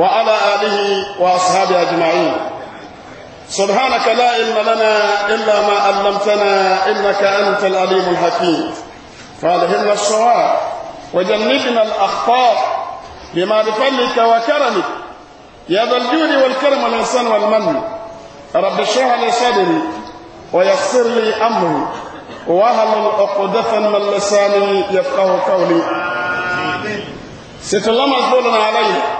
وعلى آله وأصحابه أجمعين سبحانك لا علم لنا إلا ما علمتنا إنك أنت العليم الحكيم فالهمنا الصواب وجنبنا الأخطاء بما بفضلك وكرمك يا ذا الجود والكرم والإحسان والمن رب اشرح لي صدري ويسر لي أمري وهل عقدة من لساني يفقه قولي ست الله مقبول عليه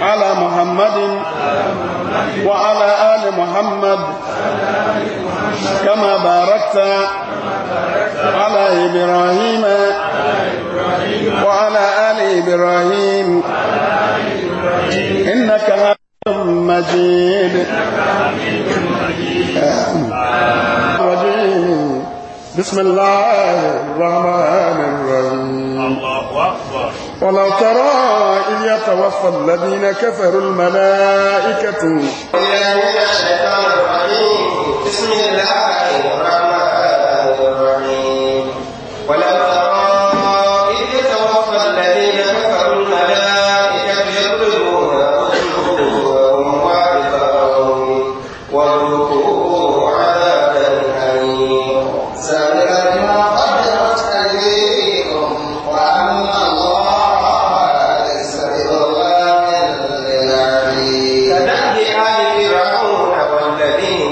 على محمد وعلى آل محمد كما باركت على إبراهيم وعلى آل إبراهيم إنك حميد مجيد بسم الله الرحمن الرحيم ولو ترى إذ يتوفى الذين كفروا الملائكة يا من الشيطان الرحيم بسم الله de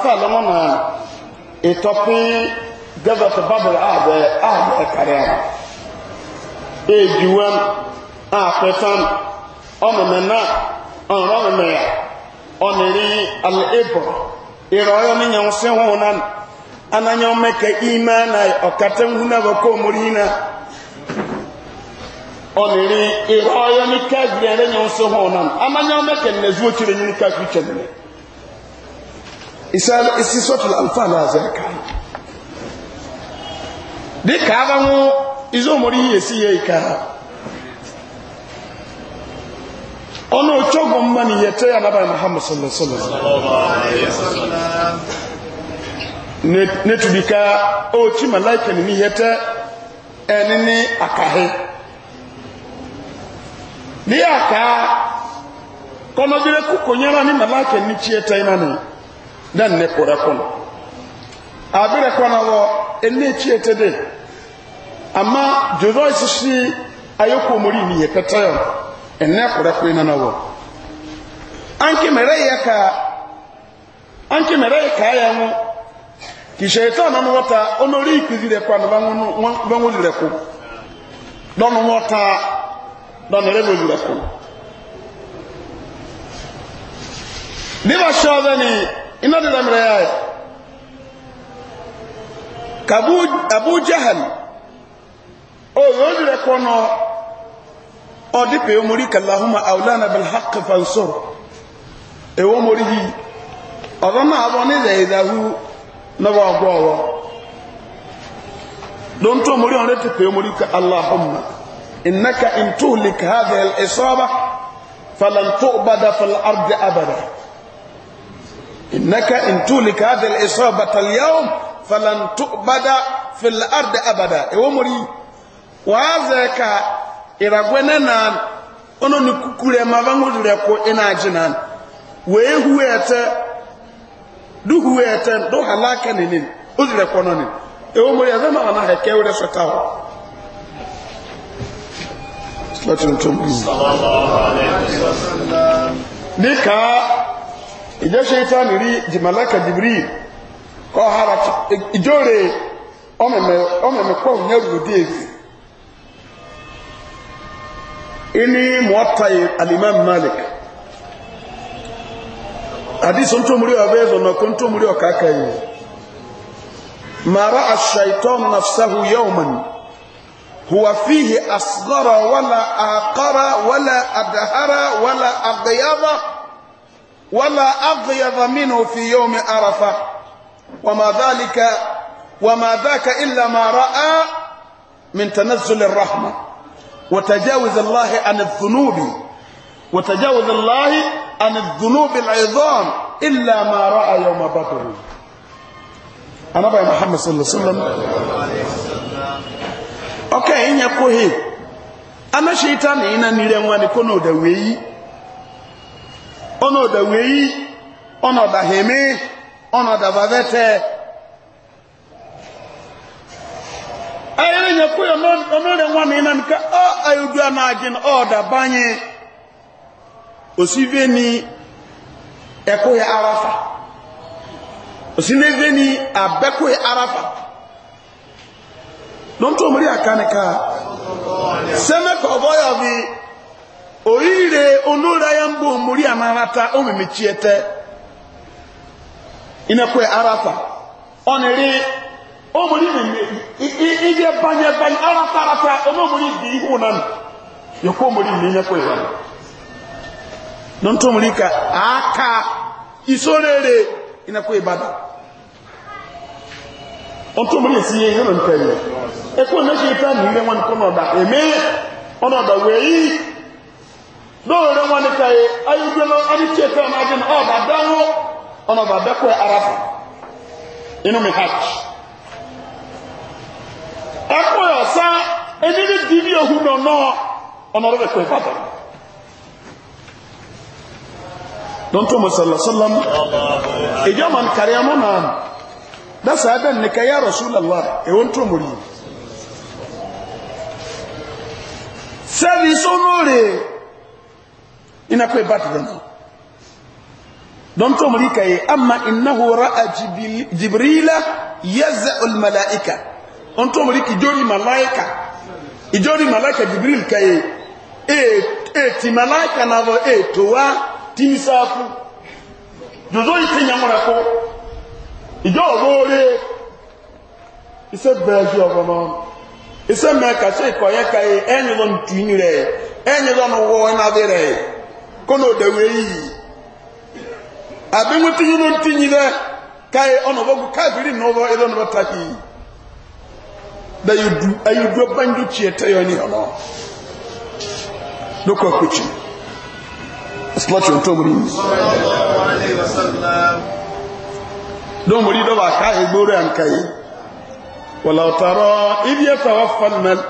afa lɔnɔ na etɔpi gɛvɛt babal aabɛ aabɛ kariya ejuwɛm aafɛfɛm ɔmɛmɛna ɔnrɔmɛmɛya ɔniri na ebɔ irɔyɔ ni nyɛ nsɛnwó nan ananyɔ mɛkɛ imana ɔkatɛ nhuna bɛ kó morina ɔniri irɔyɔ ni kɛfiri ɛrɛ nyɛ nsɛnwó nan ananyɔ mɛkɛ na isa isi suratul anfal azaka de ka ba mu izo mori yesi ye ka ono ochogo mmani yete ya nabai muhammad sallallahu alaihi wasallam netubika ochi malaika ni yete ni akahe ni aka kono jire kuko nyara ni malaika ni chieta inani dan ne kore kono abire kono wo enne ama de amma jozo sisi ayoko muri ni yekatayo enne kore kwe na nawo anki mere yaka anki mere ka ya mu ki shaitan na wata onori ikuzire kwa na bangu bangu dire ko don wata don rebo dire ko Liba shawani ماذا الامر يا ابو جهل او يوزر كونو او دي بيو مريك اللهم اولانا بالحق فانصر ايو او اظن اظن اذا اذا هو نبع قوة دونتو او انت بيو مريك اللهم انك ان تهلك هذه الاصابة فلن تؤبد في الارض ابدا إنك إن تولك هذه الإصابة اليوم فلن تؤبد في الأرض abada إيومري وهذاك إرغونا ono ni kukure mavangu rẹ ko ina jinan wee huwete du huwete do halaka ne nin o rẹ ko no ni ewo mo yaza ma na heke wure sota ho sallallahu alaihi wasallam nika ìjẹ́ ṣetán rí jìmọ̀láka jìbìrì kọ́ hara ìjọ́re ọmọmọ kọ́ òun yẹ́rù lòdì èsì ìní mọ́tàyè alimam malik hadisi ntomuri ọbẹ̀ ẹ̀zọ̀ náà kó ntomuri ọ̀kàkà yìí mara ashaitan nafsahu yawman هو فيه أصغر ولا أعقر ولا أدهر ولا أغيظ ولا أغيظ منه في يوم عرفة وما ذلك وما ذاك إلا ما رأى من تنزل الرحمة وتجاوز الله عن الذنوب وتجاوز الله عن الذنوب العظام إلا ما رأى يوم بدر أنا بقى محمد صلى الله عليه وسلم أوكي إن يقول أنا شيطان إن لم وأنا كنو دوي ọnọdụ weyi ọnọdụ heme ọnọdụ vavete ayere nyekwu ya ọnọdụ nwa na ịna nke ọ ayodu a na-adị ọdabanye banye. ni ekwu ya arafa osi n'ebe ni abekwu arafa n'otu omori aka ni ka sẹmẹkọ ọbọ ya bi oyire onora ya mgbe omori anarata omemechiete inekwe arafa ọ na-eri omori ihe banye banye arafa arafa omomori dị ihu na m yekwa omori na inekwe iwa n'otu omori ka aka isorere inekwe ibada otu omori esi ihe ihe na nke ya ekwe na-eche ita na ire nwa nkụ n'ọda eme ọnọdụ wee yi dóòrè wọn ni káyé ayélujára náà wọn ni tí ètò ọmọ ajé ah, náà ọba dánwó ọmọ ọba bẹkọ arabu inú mi hajj ẹkọ yọ ọsá ẹni ní dìbí ehun náà náà ọmọ ọba bẹkọ ìbàdàn dọ́ntọ́ mọ̀sálásálám ìjọ mọ̀ nkàrí ẹmọ náà dasa ẹbẹ nìkẹ́ yà rọ̀ṣúlẹ̀lá ẹ̀wọ́n e tó mọ̀ rí sẹ́ẹ̀lì sọ́nù rèé ina kwe batu dana don to muri kai amma innahu ra'a jibrila yaz'u al malaika on to muri ki jori malaika ijori malaika jibril kai e e ti malaika na vo e to wa timisafu jozo ite nyamura ko ijo rore ise beji ogono ise me ka se ko ye kai enyo don tinire enyo don wo na dire kono dawe yi abinwo tinyi no tinyi dɛ kae ɔno bɔgu kabiri na ɔbɔ ɛdɔ no bɔ taki da yudu ayudu banjo tie tɛ yɔ ni ɔno doko akutwi asilati ɔntɔ mori yi dɔn mori dɔ b'a ka egboro yan ka ye ولو ترى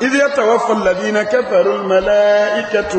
إذ يتوفى الذين كفروا الملائكة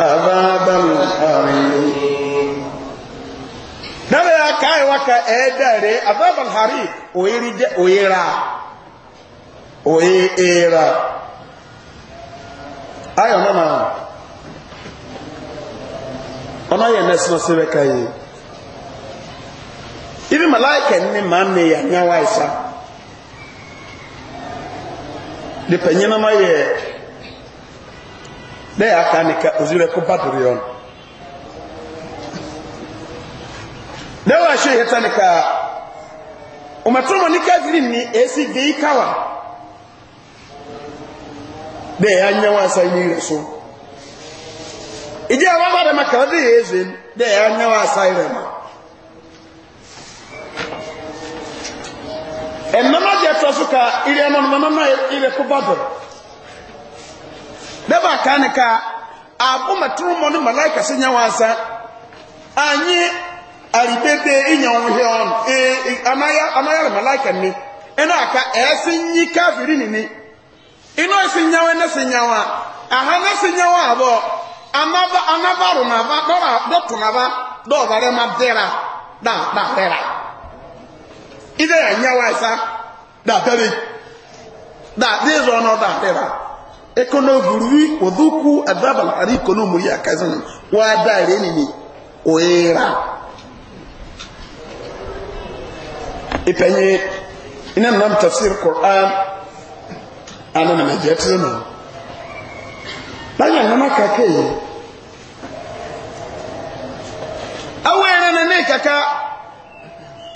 عذاب الحريق نبي أكاي وكا إداري عذاب الحريق ويرجع ويرا ويرا أيوة نعم ọmọ yẹn ibi malaika ni maa mi yà nyawa ẹ̀sà dìpẹ̀nyẹ́nàmá bẹ́ẹ̀ akanika òzìrẹ́ kó bàdùrù yọ nù. lẹ́wọ̀n àṣẹ ìyẹta ni ọmọtúnmọ̀ ní káfíìrì ní èsì dé ìkáwà bẹ́ẹ̀ anyáwọ̀ asa yìí rẹ̀ so ìdí àwọn abàdàn maka ọdún yìí èzè bẹ́ẹ̀ anyáwọ̀ asa yìí rẹ̀ mọ́. ẹ̀nàmọ́ jẹ́ tọ́sùkà ìrìn àmọ́ ọ̀nàmọ́ náà ìrẹ́kú bàdùrù. daba ka ne ka abo malaika se nya wasa anyi aribebe inya wo he on e malaika ni aka ese nyi ni ni ina ese nya we a se aha anaba anaba na ba dora do to na ba do bare ma dera da da dera ide nya wasa da this ekono gurwi wadhuku adhaba alhariko no muri akazana wadare nini oera ipenye ina nam tafsir qur'an ana na majatina banya ngama kake awena na ne kaka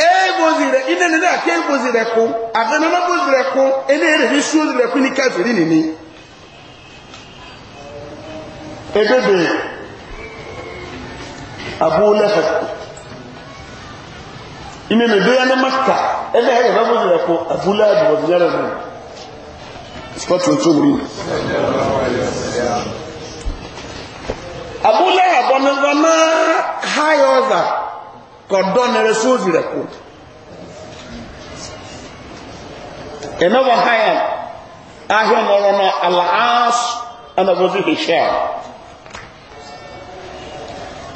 ebozire ina n'ene ake ebozire ko agana na bozire ko ene ere bisu zire ko ni kafiri nini ebebe abu lehab ime me doya na makka ebe ya yaba mun da ko abu lehab wa ziyara ne spatu to muri abu lehab on the na hayoza ko donere so zira ko ena wa hayan ahyo morono al-aas ana wazi hisham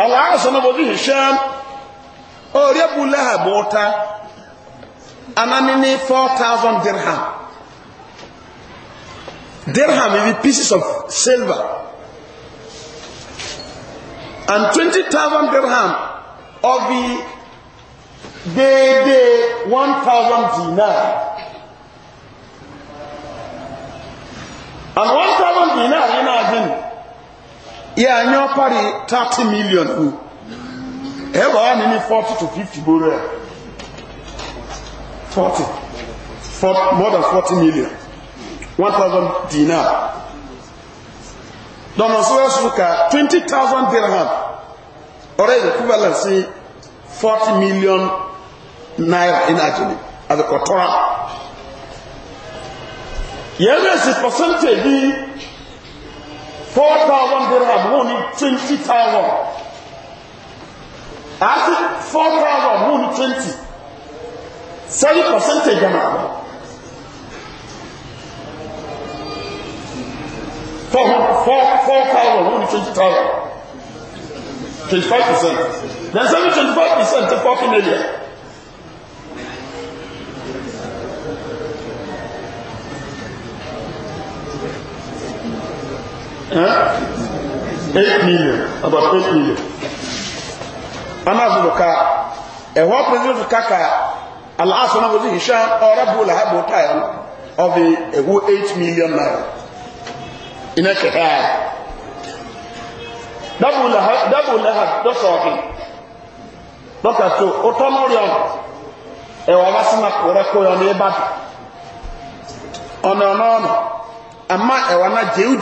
àwọn aṣọ náà bọ̀ bí hisham orí ẹ̀bù lẹ́hàbù ọ̀tá anani ní four thousand dirham dirham ibi pieces of silver and 20,000 thousand dirham ọbi déédéé one thousand dinar. and 1,000 thousand dinar yìí náà dín ní yẹ anyan pari thirty million o ẹ bọ̀ wá nínú forty to fifty bó rẹ̀ forty more than forty million one thousand dinar dọ̀nà sọ́wọ́sọ́ ka twenty thousand dirham ọ̀rẹ́ ìdókòwòlá sí forty million naira in Nigeria as a kọ̀tọ́ra yẹ́n bẹ́ẹ̀ sì percentage bíi. 4,000 dirham wọ́n ní 20,000 àti 4,000 wọ́n ní 20 sẹ́yìn percentage ẹ̀mà four four four thousand wọ́n ní twenty thousand twenty five percent then seven twenty five percent to forty million. 8 million about 8 million ana anazo ka ẹ̀họ́ president kaka aláàsán náà wọ́n ti hìṣá ọ̀rọ̀ bó làá bó táyà of the ehu 8 million naira iná kẹta dábò làá dọ́sọ̀ ọ̀hìn dọ́kà tó ó tọ́ mọ́ rẹ̀ ẹ̀wọ̀ bá sí máa kọ̀rẹ́ kó yọ ní ìbàdàn ọ̀nà ọ̀nà ewa na ẹ̀wọ̀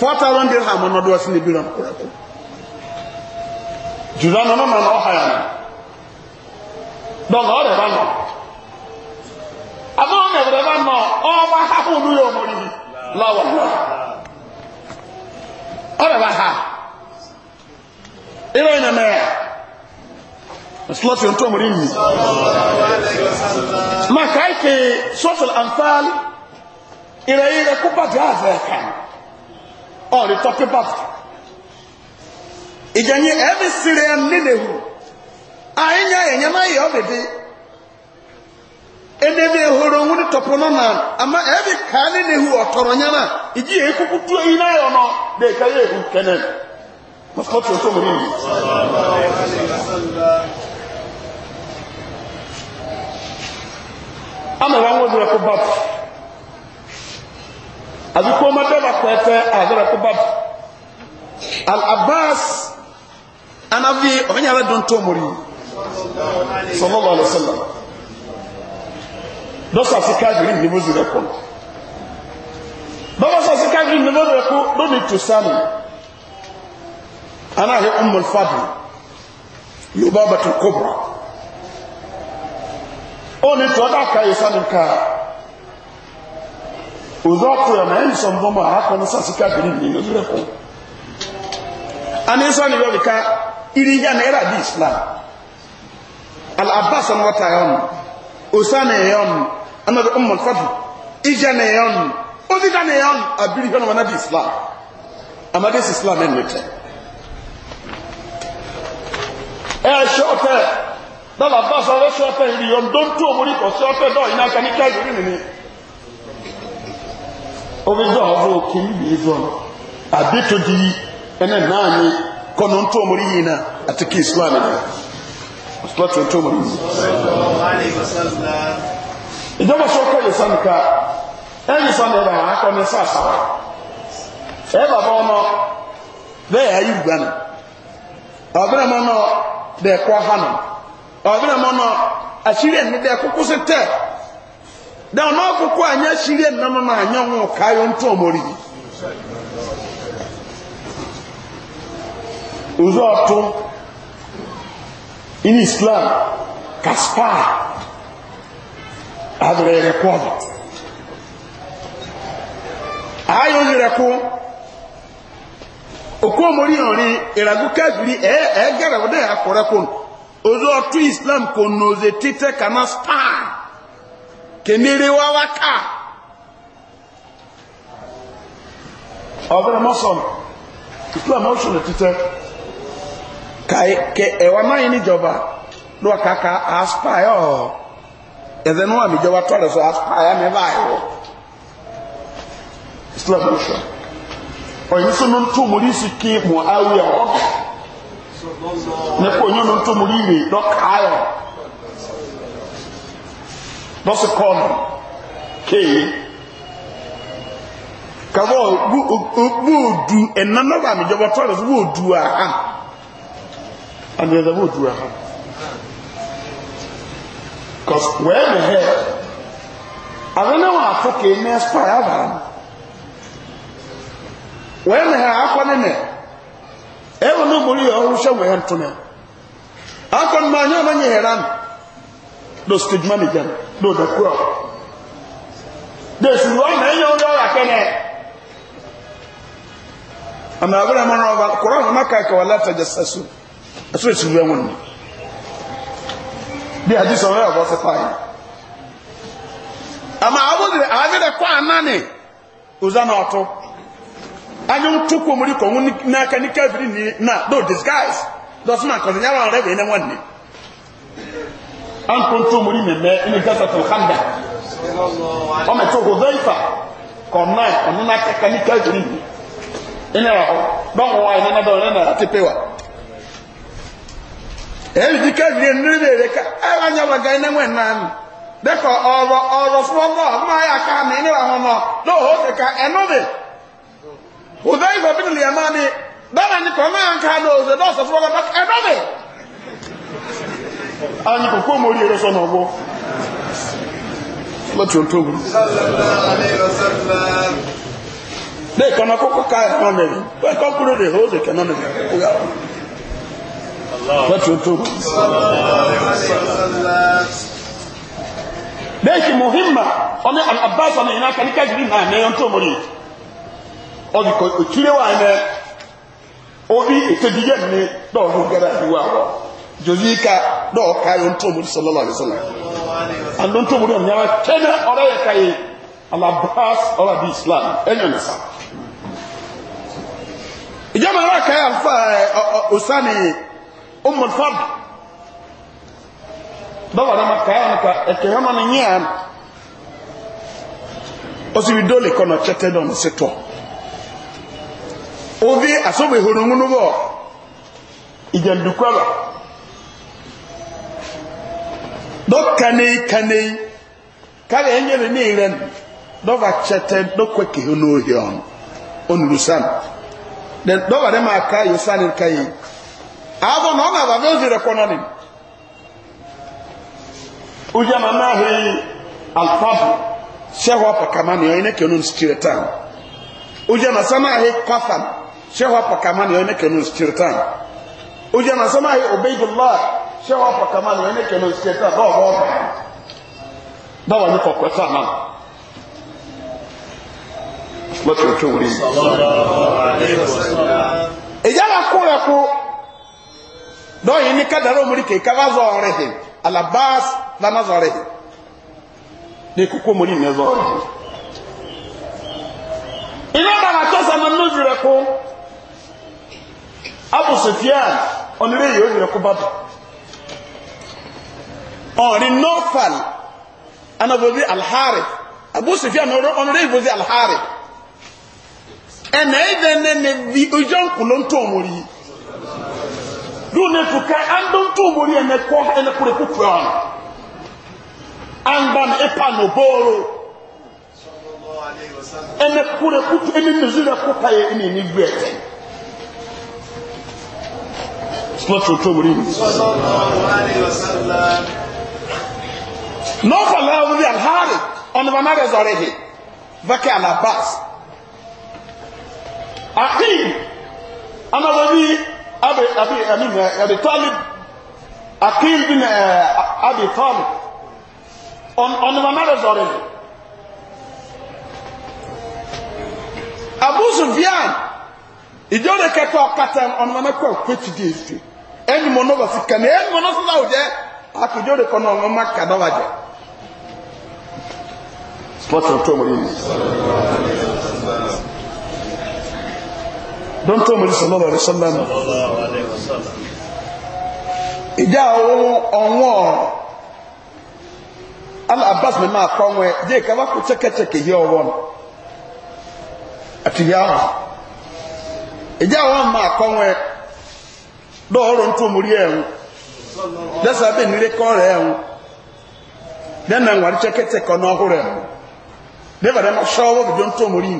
four thousand dirham na ebiram kụrụkụ jụrụ anọ nọ na ọha ya nọ dọla ọ rịara na rịara nọ ọgba hapụ ụlọ ya omoriri lawa ọ rịara ha ịrọ ịnya mee ya slọtị ntụ omori nyi maka ike sọtụl amfali ire ire kụpa dị azụ all tọpị top about ebe siri sire ẹ nílẹ̀hu àyìnyá ẹ̀yẹ́má yẹ ọ́bẹ̀bí ẹnẹ́bí ọ ń wúni tọ̀pọ̀ náà nà na iji nọ na ká yẹ ehu kẹ́nẹ́ mọ̀tò tó mú yìí. àmọ̀ wà ń wọ́n àti kó má dọ́là pẹ́ẹ́tẹ́ àdọ́là kó bá bù al-abbas anabi ọ̀gbẹ́ni àrẹ dùn tó mọ̀rí sọlọ́lọ́ alẹ́sọ́lá dọ́sà sí káàdìrí ní mọ́sí rẹ̀ kọ́ dọ́sà sí káàdìrí ní mọ́sí rẹ̀ kọ́ lónìí tó sánú anahi umul fadl yorùbá bàtú kóbra ó ní tọ́ta ká yẹ sánú káà òzọ́kù ẹ̀mà ẹ̀yìn sọmọ́mọ́ àákọ́nù sàṣíkà bìnrin ní ìlú rẹ̀kọ́ anísọ́ ni lọ́rì ká irinjá náírà bí islam al'abbas ọmọ wata yọnu osana yọnu anadu ọmọ fadu ijá na yọnu ozíjá na yọnu abiri yọnu wọn náà islam amadis islam ẹ̀ nìtẹ̀ ẹ̀ ṣe ọ̀tẹ̀ dọ́là abbas ọ̀rẹ́ ṣe ọ̀tẹ̀ ìrìyọ̀n dọ́ntú òmùrí kọ̀ ṣe ọ̀tẹ̀ dọ́ omi zọ ọdún òkè níbi ìzọ àbètò di ẹnẹ náà ni kọ́nà ń tó omori yìí náà àti kí islam ni ọ̀sùlọ́tì ń tó omori yìí. ìjọba sọ kọ́ yẹ sanu ká ẹ̀yìn sanu ẹ̀rọ àwọn akọni sàṣà ẹ̀ bàbá ọmọ bẹ́ẹ̀ ayé ìgbà nù ọ̀bẹ̀rẹ̀ mọ́nà hànà ọ̀bẹ̀rẹ̀ mọ́nà àṣírí ẹ̀ ní bẹ́ẹ̀ kókó da ọ̀nà ọkụkụ anyị ashiri nnanụ na anyanwụ ka ayọ ntụ ọmọri ụzọ ọtụ in islam kaspa adịrị erekwu ọdụ ayọ nyerekwu okwu ọmọri nri ịragụ kebiri ee gara ụdị ya akwụrekwụ ozu ọtụ islam kwụ n'oze tete kana spa. kèmére wá wá ká ọ̀bẹ̀rẹ̀ mọ́sàn ìtú àmọ́sùn títẹ́ ẹ̀wà máa yìí níjọba ló kàkà aspire ọ̀ ẹ̀zẹ̀ níwà níjọba tọ́lẹ̀ sọ aspire mẹ́fà ẹ̀wọ̀ islam ọ̀ṣọ́ ọ̀yìn sínú tó mú rí sí kí mọ̀ ọ̀ nípa òyìn tó mú rí rè lọ́kàáyọ̀ dɔsi kɔɔnu kee kabɔ bóodu ɛnanaba mi jɔbɔ tɔɔrɔ so bóodu aha anuyɛdɛ bóodu aha cause wɛɛmi hɛ abɛnɛ wɔn afɔ kee mɛ spa yabara wɛɛmi hɛ akɔ ne mɛ ɛwɔ ne mori yɛ ɔwɔ hyɛ wɛɛ ntoma akɔ ne mɛ anyɛ ɔmɛ nyɛ yɛra no dɔsi kejuma mi gya no. No, This one lóòdò kúrọ̀ dèsù lọ́nà ẹ̀yẹ orí ọ̀rọ̀ akẹ́nẹ̀ àmì àbúrò ẹ̀mọ́ ọba kúrọ̀ ọ̀nà má káàkiri wà látàjà sẹ́sù ẹ̀sùn èsì rẹ̀ wọ̀nyí bí àdí sọ̀rọ̀ ọ̀bọ̀ sí fáyì àmà àbúrò àbúrò kọ́ ànánì òzánà ọ̀tọ́ anyị ntụkwu omori ka ọnwụ n'aka ndị kevin na no disguise dọsụma nkọzi nyara ọrịa bụ ene nwanne an kun tó mori mẹmẹ ẹni gasa tó kanda ọmọ tó kò zẹyìfà kọ náà ọmọ náà kẹkẹ ní kẹjọrin ẹni wà hɔ dɔnku wa ɛni nadɔ ɛni nara ti wa èyí ti kẹjọrin ẹni ní ìrè ká ẹ wá nyẹ wọn gan ẹni wọn nàn dẹkọ ọrọ ọrọ fún ọgbọ ọmọ ayé aka mi ẹni wà hɔ nọ lóhùn ó kẹka ẹnu mi kò zẹyìfà bí nìyẹn máa mi bẹ́ẹ̀ ni anyị kòkó mórí ẹ̀rọ sọ́nà ọgbọ́ láti ohun tó gùn bẹ́ẹ̀ ka kókó ká ẹ̀rọ mẹ́rin bẹ́ẹ̀ kọ́ kúrò lè hóòzè kẹ́nà mẹ́rin láti ohun tó gùn bẹ́ẹ̀ kì mọ̀hímà ọmọ àbáṣọ ọmọ ìrìnà kẹ́ríkẹ́ jìrì náà mẹ́yàn tó mórí ọdún kò kílé wà ní orí ètò jovika dɔw ka ye ntomori sɔlɔlɔ ale sɔlɔ a don ntomori ɔn ɲama kɛnɛ ɔrɔ yɛ ka ye alabas ɔrɔ di islam e ɲɛ nisa ìjọba ara ka ye alfa ɛ osani umarfad báwo ara ma ka ye ka ɛkɛ hama ni nyɛ ɔsibi dole kɔnɔ kyɛtɛ dɔn se tɔ ovi asobe horongu no bɔ ìjẹ̀ndùkú ɛlɔ do kanei kanei kare enye ne ne iren do va chete do kweke ho no hi on onuru sam do va ma ka yo san kai avo no na va ve dire kono ni uja mama he alfabu shehu hapa kama ni yone ke nun stirtan uja nasama he kafan shehu hapa kama ni yone ke nun stirtan uja nasama he ubaidullah ṣé wọ́n pọ̀ kàmá ni wọ́n ní kẹ́nu ṣe tán báwọ̀ bọ́ báwọ̀ ní kọ̀kọ́ tà náà lọ́tí òtún wúrí. ìyára kú rẹ̀ kú dọ́yìn ní kádàrá òmùrí kèéká bá zọ ọ̀rẹ́ hìn alabas lánà zọ ọ̀rẹ́ hìn ní kókó òmùrí ní zọ ọ̀rẹ́ hìn. iná dàgbà tó sàmà lójú rẹ̀ kú abu sufiyan onírèyí ó yẹ kú bàbá ọ̀rí norfal anabodi alhari abosifia ọ̀nàdé ìbòsí alhari ẹ̀nà ẹ̀dẹ̀ nẹ́nẹ́ bí ojú ọ̀nkùnlọ́ ń tó omori dúnẹ̀ fùkà andó ń tó omori ẹ̀nẹ́ kọ́ ẹ̀nẹ́ kúrẹ́ kúkúrẹ́ ọ̀nà angbam ipa nà bóoro ẹ̀nẹ́ kúrẹ́ kúkúrẹ́ ẹ̀nẹ́ nìzúrẹ́ kúpa yẹ ẹ̀nẹ́ ní gbé ẹ̀tẹ́ Sọ́tún tó wúrí. Sọ́tún tó wúrí. نوفا لا يوم الهاري أنا ما رزاره بكى على باس أخي أنا ذبي أبي أبي أمين أبي طالب أخي بن أبي طالب أنا ما رزاره Abu Sufyan ìjọ de kẹtọ katan ọ̀nà mẹ́kọ̀ọ́ pẹ̀tù di èsì ẹni mọ̀ náà wà sí kàní ẹni mọ̀ náà sọ́dọ̀ àwùjẹ́. akidore kɔnɔ ɔmɔ maka dɔba jɛ mɔtɔn tó mo yìí don tó mo yìí sɔlɔ lɔri sɔlɔ mi ìjà òun ɔwọn abbas mi máa kọ́ wọn jẹ́ kaba kó dẹ́sẹ̀ abẹ́ nílé kọ́ rẹ̀ ẹ̀hún dẹ́nà nwàrí chẹ́kẹ́tẹ̀ kọ́ náà hóró ẹ̀hún dẹ́bà dẹ́mà ṣọ́wọ́ bìjọ ń tó mórí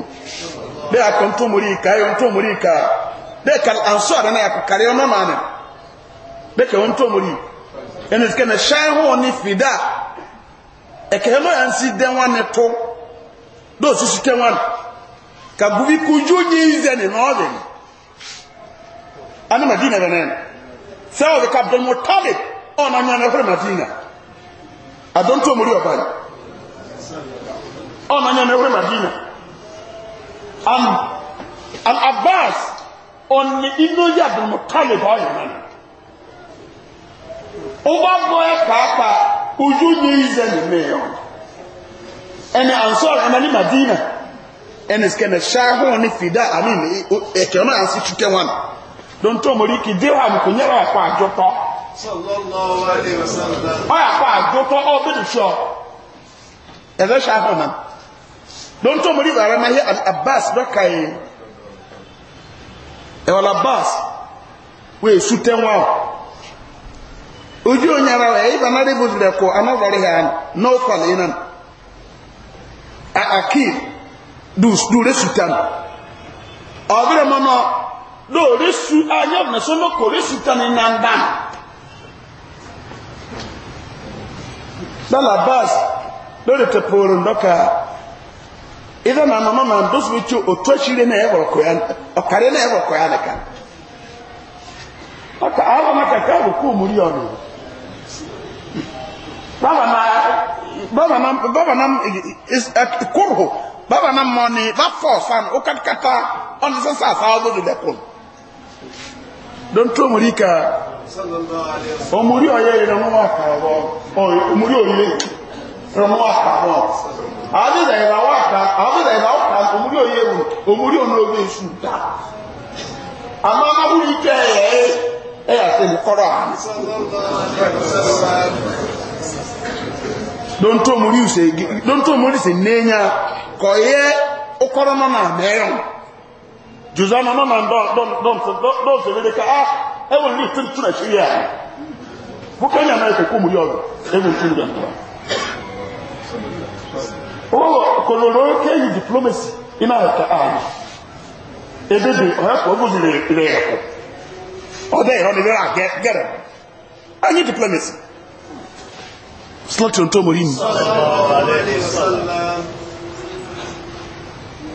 dẹ́ akọ ń tó mórí ìka ẹ̀yọ ń tó mórí ìka dẹ́ kà ànsọ́ àdáná yà kò kárí ọmọ màánì dẹ́ kẹ́ ń tó mórí ẹni na ṣáà hó ní fìdá ẹ̀kẹ́ ló yà ń si dẹ́ wọn ni tó dóò sisi tẹ́ wọn kà gubi kujú yín zẹ́ni n'ọ́ọ̀dẹ̀ ni anamadi nà bẹ́ẹ̀ náà sɛ ɔde ka abdulmutalib ɔna nya na ɛhwere madina adonto omori ɔban ɔna nya na ɛhwere madina an an abbas ɔne ino yi abdulmutalib ɔyɛ na no ɔba bɔ yɛ paapa ojú nye yi zɛ ne mɛɛ ɔn ɛnɛ ansɔr ɛnɛ ne madina ɛnɛ sikɛ na hyɛ ahoɔ ne fida ani ne ɛkɛ ɔna ansi tutɛ wɔn. don tó mori kì dirham kò nyẹ́rọ ẹ̀kọ́ àjọtọ́ ọ̀yà kọ́ àjọtọ́ ọ̀ bẹ́ẹ̀ sọ ẹ̀fẹ́ ṣáfọ̀ náà don tó mori bàrẹ̀ máa yẹ abbas dọ́ka yìí ẹ̀wọ̀n abbas wọ́n èsù tẹ́wọ́n ojú ònyàrá rẹ̀ yìí bàná rẹ̀ bùsùn ẹ̀kọ́ anáwọ̀rẹ̀ na. náà kọ̀lẹ̀ yìí àkìr dùrẹ́sùtàn ọ̀bẹ̀rẹ̀ mọ́nà. lóòrè su ayé ọ̀nà sọ́nà kò rè na tani nàndà. Dala baas lórí tẹ̀pọ̀rọ̀ ndọ́ka ìdá nà màmá màá ndóso tí òtú ẹ̀kyẹ́rẹ́ náà ẹ̀wọ̀ ọkara ọ̀kàrẹ́ náà ẹ̀wọ̀ kọ́ya nìkan. Ọkà àwọn ọmọ kàkà kú òmùrí ọ̀nà. Bàbá náà bàbá náà kúrò mọ̀ fan don to muri ka omuri oye iranwa akarabo oye iranwa akarabo abida irawa aka abida irawa aka oye wu omuri onobe esu ta ama amabuli ke eye eya se don se na jùzọ́ na mọ́mà dọ́ọ̀sẹ̀lẹ́dẹ́ ká ah, ẹwọ̀n ní tí tún ẹ̀ṣí yà púpọ̀ ní àmẹ́ríkà kó mú yọ ọ̀rọ̀ ẹwọ̀n tún jẹ́ ọ̀rọ̀ kòròrò kéyì diplomacy iná ẹ̀ka ààrẹ ebébè ọ̀hẹ́kọ̀ ọgbọ́n ilẹ̀ ẹ̀kọ́ ọdẹ ìrọ́ ni rẹ́rà gẹ́rẹ̀ ayé diplomacy slọ́tì ọ̀tọ́ mọ̀rí mi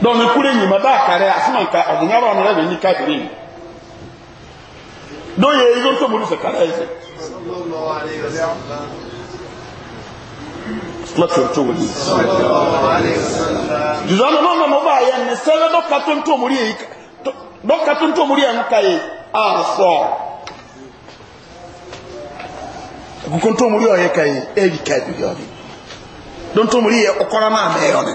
dɔnku kure nyima baa kare asomanka ɔdunyɔrɔ ɔnara bɛ ni kakiri yi dɔw yɛ eyi nso mo nisɛ kare yi sɛ. jùzọ́nù náà nà mo bá yẹ ní sẹ́lẹ̀ dọ́kà tó ń tó mo rí yẹ dọ́kà tó ń tó mo rí yẹ ń ka yẹ àfọ̀ kókó ka yẹ ẹ̀yì ka yẹ dọ́ntó mo rí yẹ ọkọ̀rọ̀ náà mẹ́yọ̀ ni.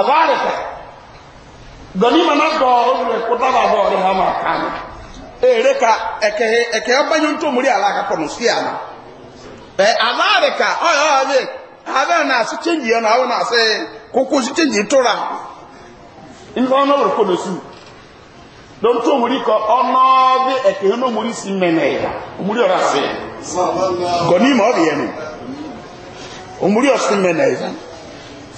azare ka doni mana do o ko ta ba zo ri ha ere ka eh, eke eke abanyo nto muri ala eh, ka kono si ana e azare ka o yo ade ave na si change yo na o na se koko si change tora nlo no ro kono su do nto muri ko ono bi eke no muri si mene ya muri ora se goni ma o bi enu omuri osi ya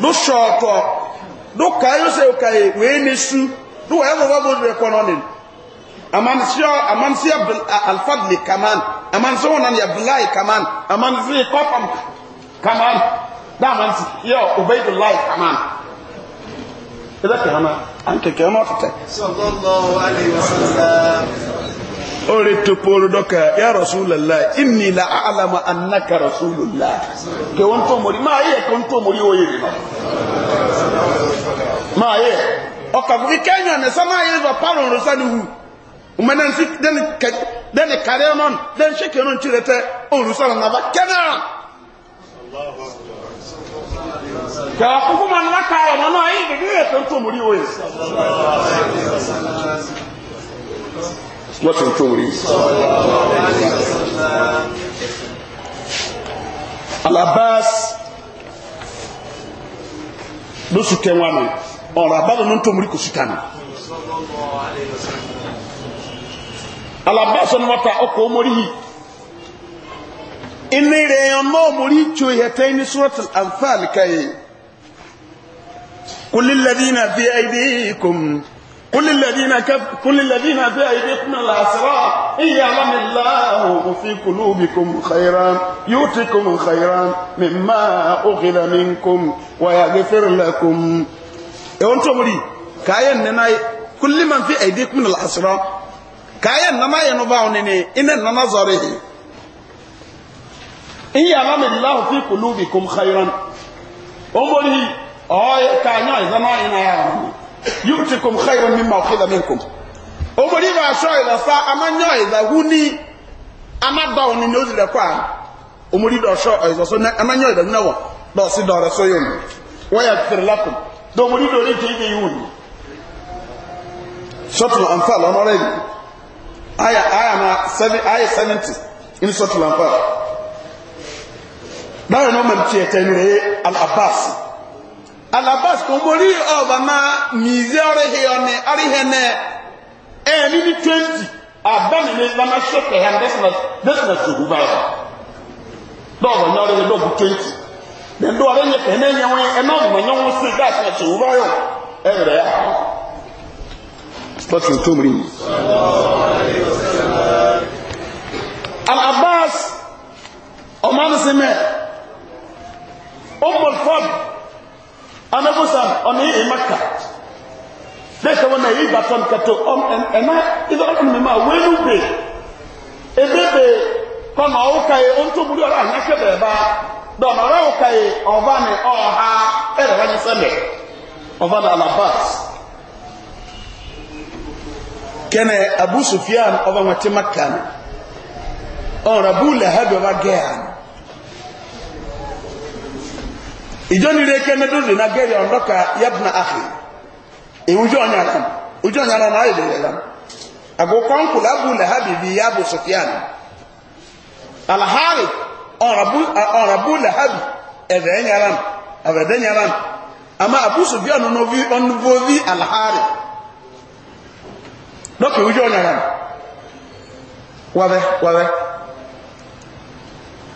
ló ṣọ̀ọ̀kọ̀ ló kà á yóò ṣe òkà yìí wèé ní sú ló wà ẹ́wọ̀n wọ́n bó ẹ̀kọ́ náà nìyí amansi alfadli kaman amansi wonan abdullahi kaman amansi kofam kaman da amansi yɛ ubaidullahi kaman ɛbɛ kɛhɛma an kɛkɛhɛma ɔtɛ. sɔlɔ lɔ alayhi wa sallam ore toporo doka ya rasulallah inni la a'lamu annaka rasulullah ke won to mori ma ye ko to mori o ye ma ye o ka bu kenya ne sama ye ba paro ro sani hu umana nsi den ke den kare non den sheke non chirete o ru sala na ba kena ka ku kuma na ka ya no ayi de ke to mori o ye lọ́tún tó wòrí alabas ló sì tẹ́wọ́n mi ọ̀rọ̀ àbálò ló ń tó wòrí kò sí kànà alabas ọ̀nà wọ́ta ọkọ̀ omori yìí inú rẹ̀ ọmọ omori tí ó yẹ tẹ́ ní sọ́tún àǹfààní káyé kò lílẹ̀ dínà bí ẹ̀dẹ́ kò mú قل للذين كف كل الذين في ايديكم من الاسرار ان يعلم الله في قلوبكم خيرا يؤتكم خيرا مما اخذ منكم ويغفر لكم إيه انتم لي كاين نناي كل من في ايديكم من الاسرار كاين نما ينباو ان نظره ان يعلم الله في قلوبكم خيرا امري اه كاين اذا ما ينعلم yutikum khayran mimma ukhidha minkum omori ba so ila fa amanyo ila huni amaba oni ni ozile kwa omori do so izo so amanyo ila na wo do si do so yom wa yaghfir lakum do omori do ri ti yuni sotul anfal omore aya aya na 7 aya 70 in sotul anfal dawo no man ti e al abbas alabas kò mórí ọba máa mìíze ọrẹ́hẹ́ ọ̀nẹ́ ọrẹ́hẹ́ náà ẹ̀ ní ní twenty abẹ́nìní lọ́nà ṣẹ́kẹ̀ ẹ̀ lẹ́sìnà ṣòwò báyìí lọ́wọ́ ní ọrẹ́hẹ́ lọ́wọ́ twenty lẹ́ndọ́ ọrẹ́ yẹ kẹ́ ẹ̀ náà alabas anabosan ɔne yi maka dɛsɛ na yi baton kato ɔm ɛna ɛna ɔmo ma ebe be kɔnɔ ɔwɔ ka yi ɔntu mu di ɔrɔ anyakɛ bɛɛba dɔn ɔrɔ ɔwɔ alabas kɛnɛ abu sufiyan ɔba ŋa te maka rabu lahabi ijo niile kene duzi na geri ondoka yabna akhi e ujo nyara ujo e nyara na ile ile ago kon kula abu lahab bi abu sufyan al harith arabu arabu lahab ebe nyara ebe nyara ama abu sufyan no vi on vovi al harith donc ujo nyara wabe wabe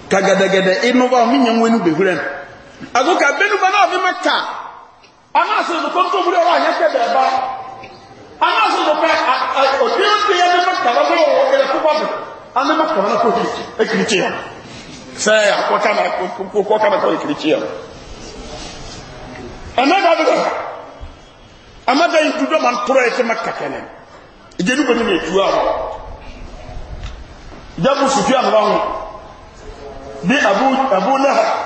kagada gada inuba minyamwe nu behulen agoka benu ba naa mi ma ka anaase no kɔntɔn mu de ɔwɔ anyɛ kɛ bɛɛba anaase no pɛ a a ɔdun ti yɛ mi ma ka ba bɛ wɔ ɛlɛ kó ba bɛ ana ma ka ba na kó kiri ekiri kyi ya sɛ akɔka na kó kɔka na kó ekiri kyi ya ɛnɛ ba bɛ ka ama da yi du dɔ ma ntɔrɔ yɛ kɛ ma ka kɛnɛ ìjẹnu bɛ ni mi tu awɔ jabu sufi àwọn bi abu abu lahab.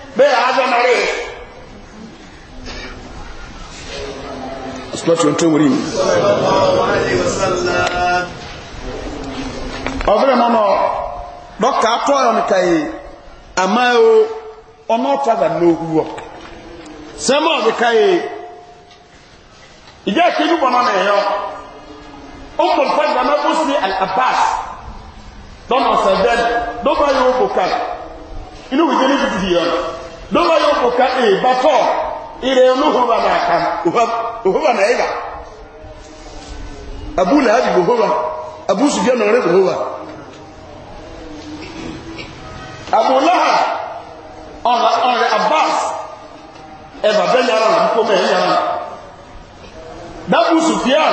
bẹ́ẹ̀ azọ́nà rẹ̀ ọ̀sọ́tí ohun tó wúrí mi ọ̀fẹ́rẹ̀ mọ́nà dọ́kà tó ọ̀rọ̀ nìkà yìí àmá o ọmọ ọ̀tàdà n'ohu wọ̀ sẹ́mọ̀ nìkà yìí ìjẹ́ ìkéjú bọ̀ náà ẹ̀yọ́ ó mọ̀ nípa ìgbà sí al-abbas dọ́nà ọ̀sẹ̀ dẹ́n dọ́gba yóò bò ká inú dɔba yɛ ɔbɔ ka ee batɔ ire ɔno hoba na aka e ohoba na ɛga e abu e na adi ohoba abu sufiya na ɔre ohoba abu laha ɔna ɔre abas ɛba bɛ nyara na nkɔ mɛ nyara na abu sufiya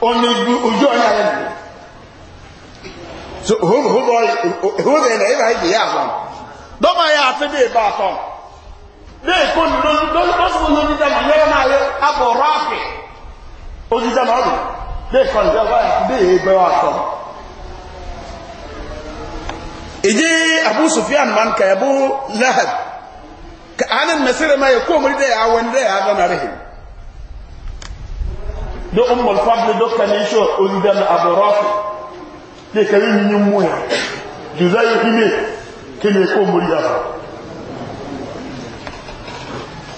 ɔna edu ojú ɔna yɛ no so ohoba ohoba ɔyɛ ohoba yɛ na ɛga ɛdi yɛ afɔ dɔba yɛ afi de ba afɔ bẹ́ẹ̀ kó ní lọ́sùn ní oníjà máa yẹ́rọ máa yẹ abọ̀ ráàfì oníjà máa rù bẹ́ẹ̀ kọ́ níjà wáyà bẹ́ẹ̀ yẹ gbẹ́ wà kọ́. ìjì abu Sufyan man ka yabu lahab ka anan nasira ma ya ko muri da ya wani da ya na rahim do ummul fadl do kan sho oníjà na abọ̀ ráàfì de ka yi nyin mu ya juzai hime kene ko muri da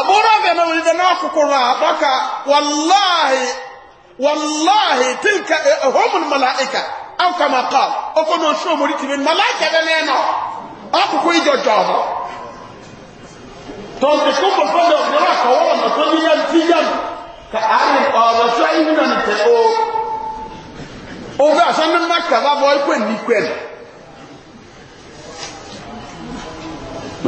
abúrò bẹ̀ náà wòlíbẹ̀ náà والله àbáka wàláhì wàláhì tínkà ẹ̀hómùn màláìkà àwùkàmàkà ọkọ̀ náà sọ mọ̀rí tìbí màláìkà bẹ̀ náà nà ọkùnkù ìjọjọ ọ̀họ̀ tọ́ntẹ̀kọ́ pọ̀pọ̀lọ̀ ọ̀gbọ̀n àkọ́wọ́ ọ̀nà tó ní yá ti yá ka àárín ọ̀rọ̀ sọ ìhìnà nìtẹ̀ o. ó gbé àṣà mímọ́ kàwá bọ́ ikú ẹ̀ níkú ẹ̀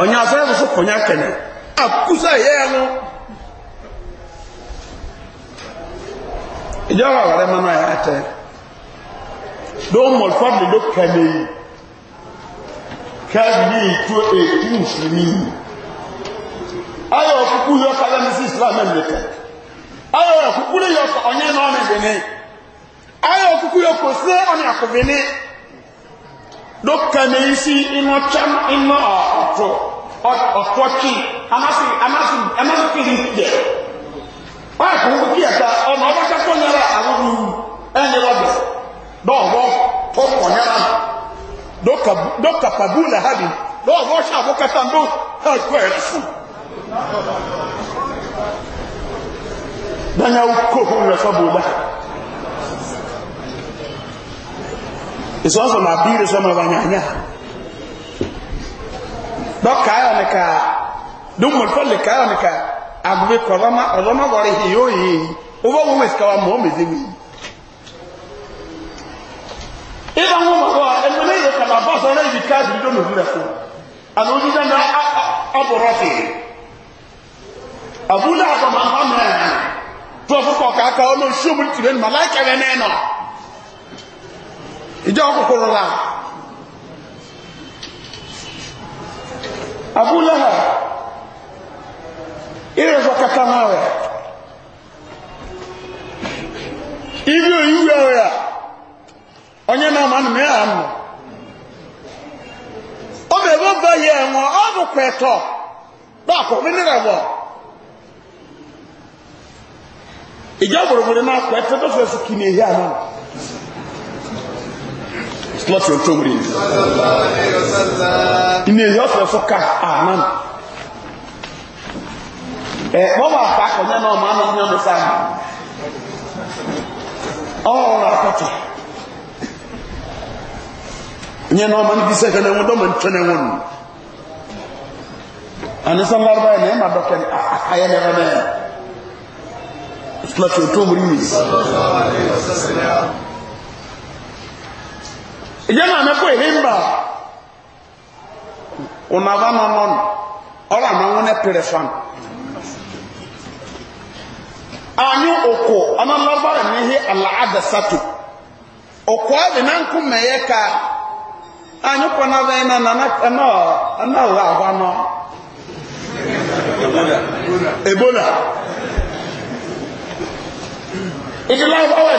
ɔnyɛ asɔre soso kɔnyɛ akɛnɛ akusa yɛɛ no ìjọ wà wàrẹ mọ náà yà tẹ dó mọlfọ de dó kẹlẹ yìí kẹlẹ yìí tó ètú e, mùsùlùmí yìí ayọ òkúkú yọ kálẹ ní sí islam ẹ nìkẹ ayọ òkúkú yọ ọnyẹ náà nìbìnrin ayọ òkúkú yọ kò sí ọnyẹ àkùbìnrin. dókè ní isi inú ọ̀chám inú ọ̀tọ̀ ọ̀tọ̀kì anásì anásì anásì kìlì dẹ̀ ọ kò wọ́n kí ẹ̀ka ọmọ ọba kakọ nyara àwọn ọmọ ẹni lọ́dọ̀ dọ́ọ̀bọ ọkọ̀ nyara dókè dókè pàbú là hàbí dọ́ọ̀bọ ọ̀ṣà àbúkátà ndó ẹ̀kọ́ ẹ̀rẹ̀ fún. dányáwó sọ́bù ọ̀dà. ìsọ́sọ̀ ma bí rí sọmọ wa nyanya dọ́kà ayọ̀ nìka dùnmùtọ́ nìka ayọ̀ nìka agbègbè kọ̀rọ̀mà ọ̀rọ̀mà wọ̀rẹ̀ hì yóò yìí owó wọn wẹ̀sìkà wa mọ̀ mẹ́sẹ̀ mi. ìbá wọn wọ̀ wọ ẹnu ní ìyẹn kàmá bọ́ọ̀sì ọ̀rẹ́ ibi káàdì tó lòdù rẹ̀ fún àná ojú dáná ọ̀bùrọ̀ tì àbúlé àtọ̀mọ̀ àhámẹ́ tó ọ̀fọ̀kọ̀ kàkà ọ̀nà òṣùwọ̀n tìrẹ̀ nù ìjọ kòkòrò la abúláhà ìrẹsọ kata náà ibi òyìnbó rẹ onye na máa nù mẹ́rà nù ebe bẹ̀rẹ̀ bá yẹ ẹ̀wọ̀n ọ́bù pẹ̀tọ̀ báàkọ̀ nínú ẹ̀wọ̀ ìjọ gbòrògbòrò náà pẹ̀tọ̀ slọ́tì ọ̀tọ́ mú rí ní èyí ọ̀fẹ́ fọ́ká àmán ẹ̀ wọ́n wà pa akọ̀nyẹ́ náà máa nọ ní ọmọ sáà ọ̀rọ̀ àkọ́tọ̀ nyɛ na ɔma no bi sɛ hwɛ ne ho dɔma ntwɛ ne ho no ane sɛ larba ne ɛma dɔkɛ ayɛ ne ọ̀tọ́ mú rí mi ìjẹ́nà na ìhìmbà ọ̀nàbá mba ọ̀rọ̀ àmàwọn ẹ̀pẹ̀rẹ̀ fan anyu oko ọmọlọ́bà rẹ̀ níhí àlàádẹ́sàtò oko ọ̀dẹ̀ na nkú na ká anyu pọnabẹ́ iná nana ọ̀rọ̀ àwa nọ ebola ìdílé ọgbà wẹ̀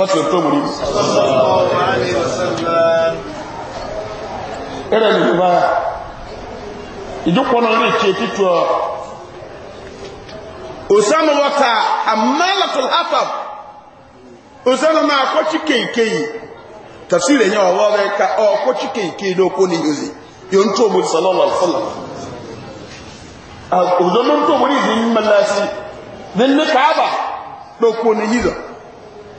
láti ọ̀tọ́ mọ̀ ní ẹ̀rẹ̀ ìjọba ìjọpọ̀ náà lè ṣe títọ́ òsánà wọ́ta àmàlàtàl afab òsánà máa kọ́chí kèèkèè tàfsí rẹ̀ yẹn ọ̀wọ́ rẹ̀ ka ọkọ́chí kèèkèè lókó ní yóò yóò ń tó mọ̀ ní ìdí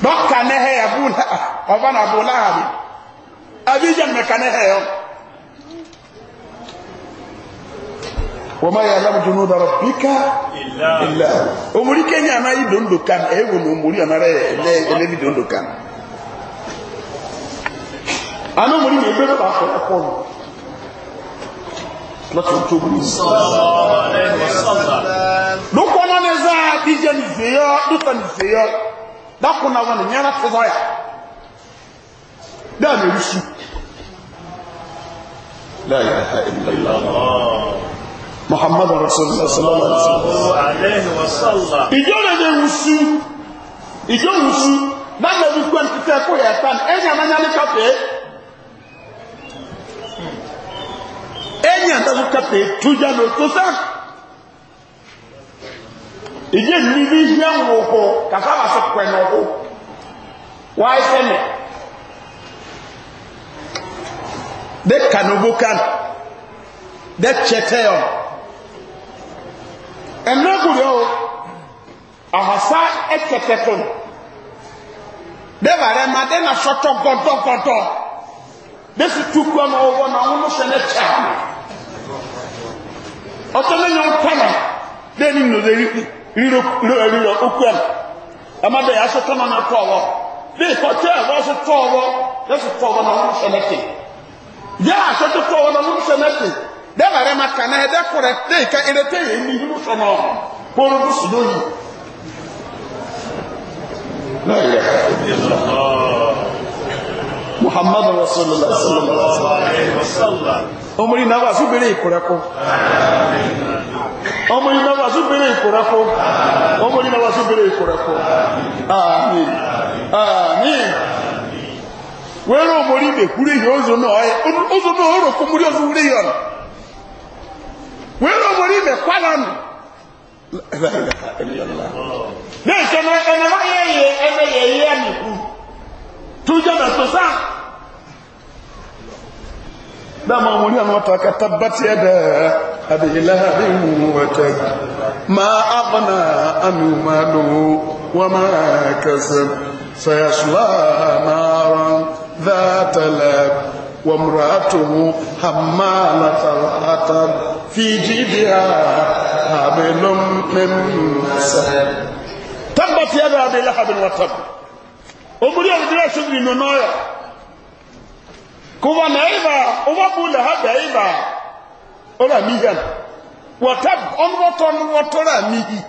dɔkta ehe ya abu laha na abu laha bi abijan ka ne ehe ya wɔmɔ yɛ alamu dunu dara bi ka ila kenya na dondo kan ewo na omori anara yɛ ɛlɛ ɛlɛ bi dondo kan ana omori na ebere ba afɔ ɛkɔ no lọtọ dákun náà wọn nyẹ́rẹ́ fúnfọ́ yà dáà mẹ́rin su láyé ilẹ̀ muhammadu rasulillah sallallahu alayhi wa sallam ìjọ rẹ̀ ní wusu ìjọ wusu náà lẹ́nu gbọ́n ti tẹ́ kó yẹ tán ẹ̀yìn ànáyà ní kápẹ́ ẹ̀yìn ìjẹ́ ìlú bí ihe ń wò kó kàfàbà sí pẹ̀ nà ọkú wà á ṣe mẹ́ dẹ́ kanobo kan dẹ́ kyẹtẹ́ ọ ẹ̀mẹ́ kúrẹ́ o ahasa ẹ̀kẹtẹ́ fún dẹ́ bàrẹ́ ma dẹ́ na sọ́tọ̀ gọ́dọ̀gọ́dọ̀ dẹ́ sì tukú ọmọ ọwọ́ na ọmọ sẹ́lẹ̀ kyẹ́ ọ̀tọ́ lẹ́yìn ọ̀tọ́ náà dẹ́ ní nìyọ̀ lè rí kú rírọ rírọ okú ẹ̀ ẹ̀mọ́dé yà sọ tọ́nà náà tọ́ ọwọ́ bí ìfọ̀tẹ́ ẹ̀ wọ́n sọ tọ́ ọwọ́ yẹ sọ tọ́ ọwọ́ náà wọ́n sọ mẹ́tì yẹ àṣọ tó tọ́ náà wọ́n sọ mẹ́tì dẹ́wà rẹ̀ máa kàná ẹ̀ dẹ́kùrẹ́ dé ìka ìrètè yẹn ní ìlú sọ náà kóró bú sùn lóyún. muhammadu rasulillah sallallahu alaihi wa sallam ọmọrí náà wà súnbẹ̀rẹ̀ ìkòrẹ́kọ́ ọmọrí náà wà súnbẹ̀rẹ̀ ìkòrẹ́kọ́ ọmọrí náà wà súnbẹ̀rẹ̀ ìkòrẹ́kọ́ ààmì ààmì wẹ́rẹ́ ọmọrí ìdèkúrẹ́ yìí ó zọ́nà ọ̀rọ̀ kó múrí ọdún wúrẹ́ yọ̀nà wẹ́rẹ́ ọmọrí ìmẹ̀kwálánù bẹ́ẹ̀ sọ دام مولي أن تبت يدا أبي لهب وتك ما أغنى أن ماله وما كسب سيصلى نارا ذات لاب وامرأته حمالة الحطب في جيدها حبل من مسد تبت يدا أبي لهب وتك أمري أن ترى شغل نونويا kuba naiba uba bula haba iba ola mihan watab onwoto onwoto la mihi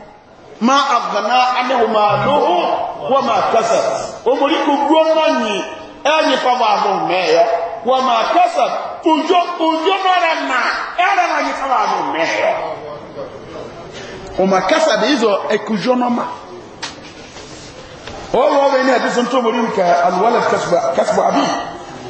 ma abgana anahu maluhu wa ma kasab omori ko gwona ni enyi pa ba bo meya wa ma kasab ujo ujo mara na era na ni pa ba bo meya oma kasab izo ekujo no ma owo we ni hadisun to mori ka alwalad kasba abi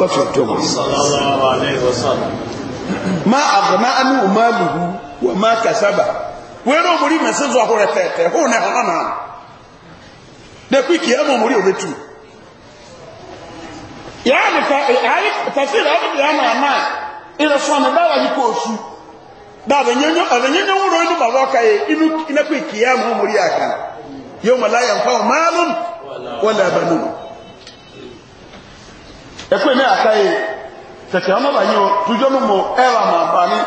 pẹ̀tọ̀ tó mọ̀. má àgbọ̀nà ánú òmá lùhù wà má kàṣábà wẹ́n náà mórí mẹ́sẹ̀ zọ ọkọ rẹ̀ tẹ̀tẹ̀ hó nẹ̀ hàn náà dẹ́kun kì í ẹ̀ mọ̀ mórí òwe tù. yàrá nìkan ẹ̀yà tafsir ọ̀dọ̀ yà máa náà ìrẹsùn ọ̀nà báwa yìí kò sùn báwa ẹ̀yẹ́nyẹ́ ẹ̀kọ́ ìmẹ́ àkáyé tẹ̀tẹ̀ ọmọ bàyí o tujọ́ mú mọ ẹ̀rọ àmà bá ní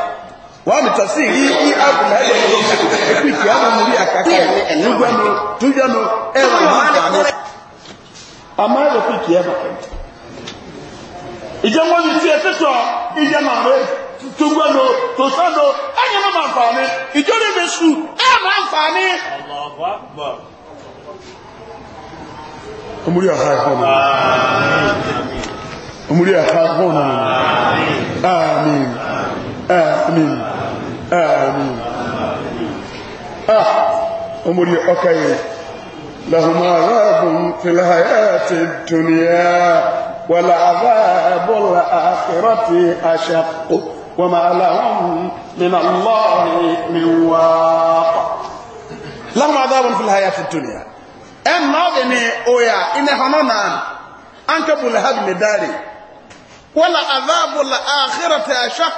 wà mí tà sí yí yí àbùnà ẹ̀yẹ ló ẹ̀kọ́ ìfẹ́ àmà mú rí àkàkà tujọ́ nù tujọ́ nù ẹ̀rọ àmà bá ní. àmà ẹ̀rọ fi kì í ẹ̀fà kẹ́kẹ́. ìjẹ́ wọ́n ti tiẹ̀ sísọ ìjẹ́ màá rẹ̀ tujọ́ nù tòṣọ́ nù ẹ̀yẹ mọ́ màá fà ní ìjọ́ rẹ̀ bẹ̀ sùn ẹ̀ màá fà ní. ọmọ omuli akagona amin amin amin ah omuli أوكي لهم عذاب في الحياة الدنيا والعذاب الآخرة أشق وما لهم من الله من واق لهم عذاب في الحياة الدنيا أما ذني أويا إنه هنونا أنكبوا لهذه المداري wala adhabu la akhirati ashaq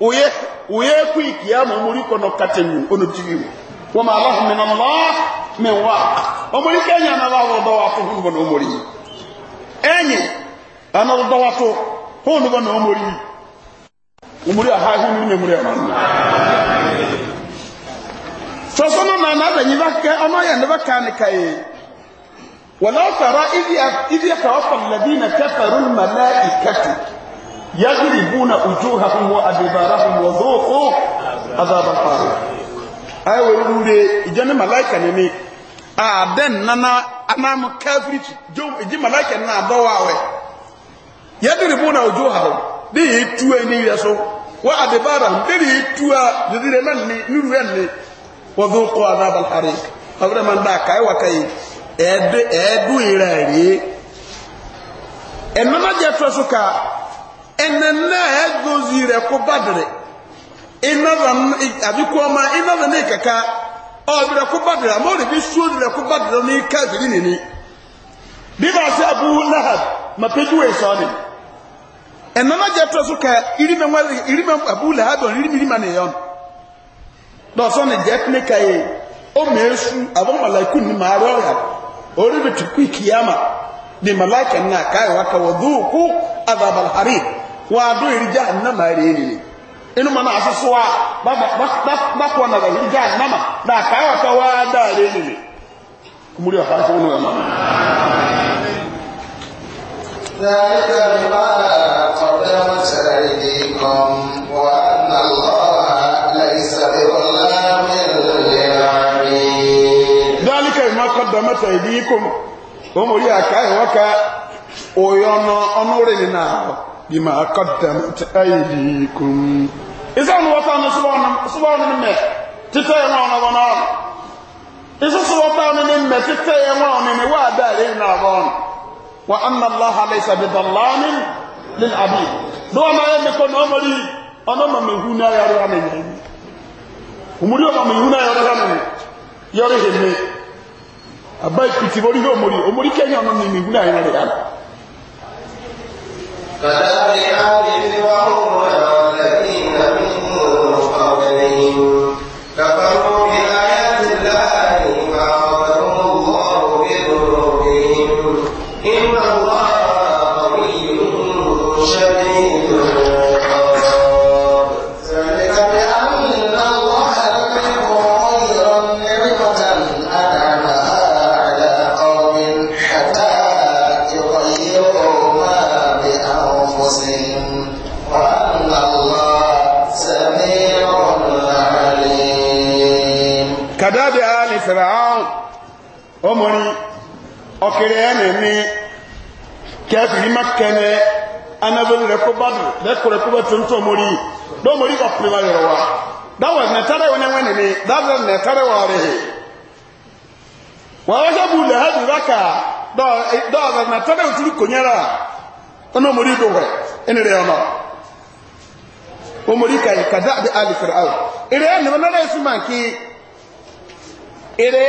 uye uye ku ikiyama muri kono katenyu ono tiyo wama allah min allah min wa omuri kenya na lawo do wa ko hunbo no omuri enye ana do wa to hunbo no omuri omuri aha hunu ni omuri amanu sosona na na banyi bakke ono yende bakane kai ولو ترى إذ يتوفى الذين كفروا الملائكة يضربون وجوههم وأدبارهم وذوقوا عذاب القبر أي ولولي إجاني ملائكة نمي آدن نانا أنا مكافر جو إجي ملائكة نانا دواوي يضربون وجوههم دي يتوى نيسو وأدبارهم دي يتوى دي رنان نيرو وذوقوا عذاب الحريق أبدا من داك أي وكاين ɛɛdu yira yie ɛnana jɛ fɛ so ka ɛnana ɛɛdu yira ko badiri inaba abi kɔma inaba ne kaka ama ɔde bi suo yira ko badiri ni kafiri nini bí ba se abu lahab ma peju wɛ e sɔɔni ɛnana jɛ fɛ so ka irima wa irima abu lahab ɔn irima irima ne yɔn dɔsɔn ne jɛ pene ka ye o mɛ esu abɔn malaiku ni ma rɔ yàrá. oribi tukui kiyama ni malaika na kai waka wadhuku adhab alharir wa adu irja annama reni inu mana asusuwa baba baba kwa na irja annama na kai waka wa da reni kumuri waka ko no ma ذلك بما قدمت أيديكم وأن الله قدمت أيديكم ومولي أكاي وكا ويانا أنورنا بما قدمت أيديكم إذا نوطان سبحان سبحان من تتاي وانا وانا إذا سبحان من تتاي وانا من وعدا لنا وانا وأن الله ليس بظلام للعبيد لو ما يمكن أمري أنا ما مهونا يا رغم أمري وما مهونا يا رغم يا رغم aba ipiti bori yɛ omori omori kenya ɔno ne mihu na ayɛ no de yala. kàtàkì àwọn ìdílé wa kò wọ́n yà wọ́n lẹ́ kẹfìrí mákẹnẹ anabẹni rẹ kó bá dùn lẹkọọ rẹ kó bá tó ń tó mórí ló mórí bá yọrọ wa dáwọ nẹtẹrẹ wọn ẹwọn nìyí dáwọ nẹtẹrẹ wọn rẹ yìí wà eh, wọ́n sábù lẹ́hàdù rákà dọ́ọ̀rọ̀ nẹtẹrẹ dùn ẹni rẹ omori kada bi ire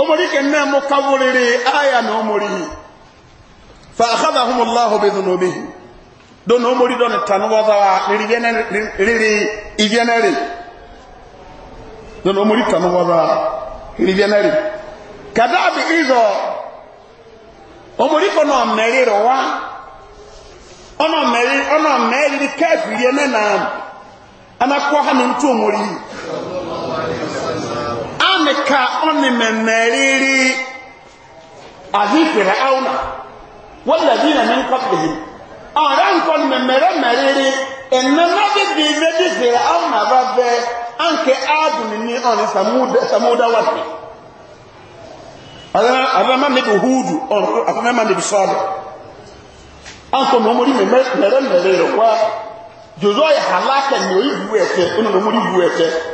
omorike náà mú kawurere aya na omorihi fa akhadhahum allah bi dhunubihi don omori don tanwaza riri ivianare don omori tanwaza riri ivianare kadabi izo omori ko no meri rowa ono meri ono meri kafiri na na anakwa hanu ntu omori sallallahu alaihi ɔnika ɔnimɛmɛriri ahipere awuna wɔlɛbi na ne nkɔpihi ɔra nkɔnimɛmɛrɛmɛriri ɛnana bibi bɛbi fere awuna ba bɛ anke dị ɔni samuda samuda wati ɔyɛ ɔbɛma mi bi huudu ɔn ɔbɛma Ọrịa bi sɔɔdo anko na jozo oyi bu na bu eke.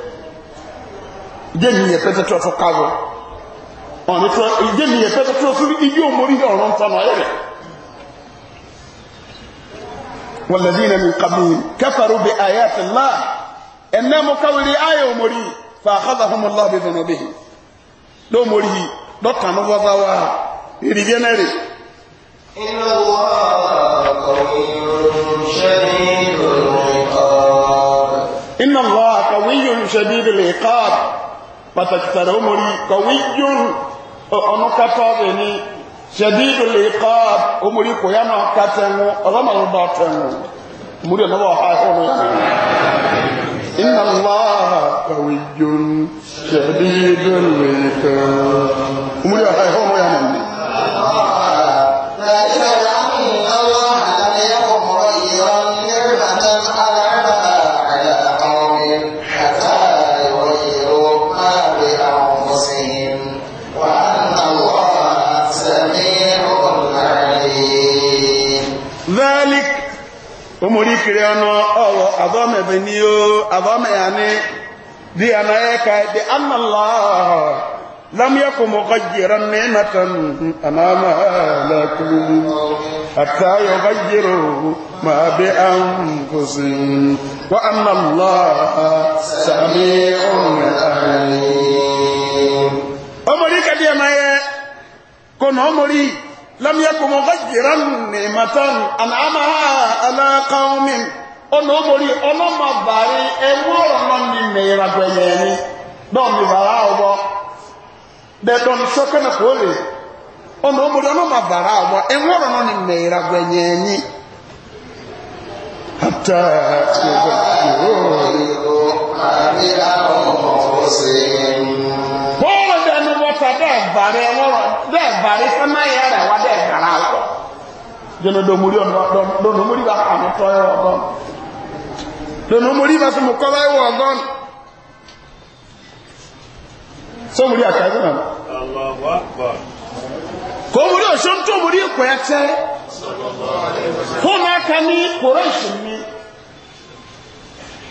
jẹ́mi yẹ pẹ́tẹ́ tí ọ̀tọ́ káàzọ́ ọ̀nà tí jẹ́mi yẹ pẹ́tẹ́ tí ọ̀tọ́ ibi òmórí ọ̀rọ̀ ń tọ́nà ẹ̀rẹ̀ wọ̀lẹ̀dínà ní kàbí kẹfàrú bí ayé àtìlá ẹ̀nẹ́ mọ́ káwìrí ayé òmórí fàákàtà fún mọ́lá bí fún ọbẹ̀ lómórí dọ́kà ní wọ́sá wa ìrì bí ẹnẹ́rì. inú wa kọ̀ inú ṣẹ́dí ìlú ìkọ́ pàtàkì tàrà ó mọ̀rí kọ̀wé yún ọ̀nà kátà rẹ̀ ni ṣẹ̀dí ìdòlè kọ́ ó mọ̀rí kò yá náà kátà ẹ̀wọ̀n ọ̀rọ̀ màá bá ọ̀tọ̀ ẹ̀wọ̀n múrí ọ̀nà wọ̀ ha iná ńlá kọ̀wé yún ṣẹ̀dí ìdòlè kọ́ ó mọ̀rí ọ̀ha ẹ̀wọ̀n yá omori kiri ọnụ ọwụ avọmebe n'iyo avọmeyani di ya na ya ka di anala lam yakun mughayyiran ni'matan anama lakum hatta yughayyiru ma bi anfusihim wa anna allaha sami'un alim omori kadi ya na ya kono omori لم يكن مغيرا نعمة أنعمها على قوم ọlọ́mọrí ọlọ́mọbàárí ẹwọ́ ọlọ́mọdé mẹ́ra gbẹ̀yẹ̀ni dọ́ọ̀mì bàrá ọwọ́ dẹ́dọ́ọ̀mì sọ́kànnà kò lè ọlọ́mọrí ọlọ́mọbàárá ọwọ́ bàrẹ wọ́rọ̀ bẹ́ẹ̀ bàrẹ sẹ́mà yẹ rẹ̀ wá bẹ́ẹ̀ gbàrà wọ́ jẹ́nu domori ọ̀dọ́ domori bá kà mọ́tọ́ ẹ̀ ọ̀dọ́ domori bá sọ mọ́ kọ́ bá wọ̀ ọ̀dọ́ sọ́mùrí àkàzí nà kò múrí òṣò tó múrí ìpò ẹ̀tẹ́ fún n'aka ní kòrò ìṣòmí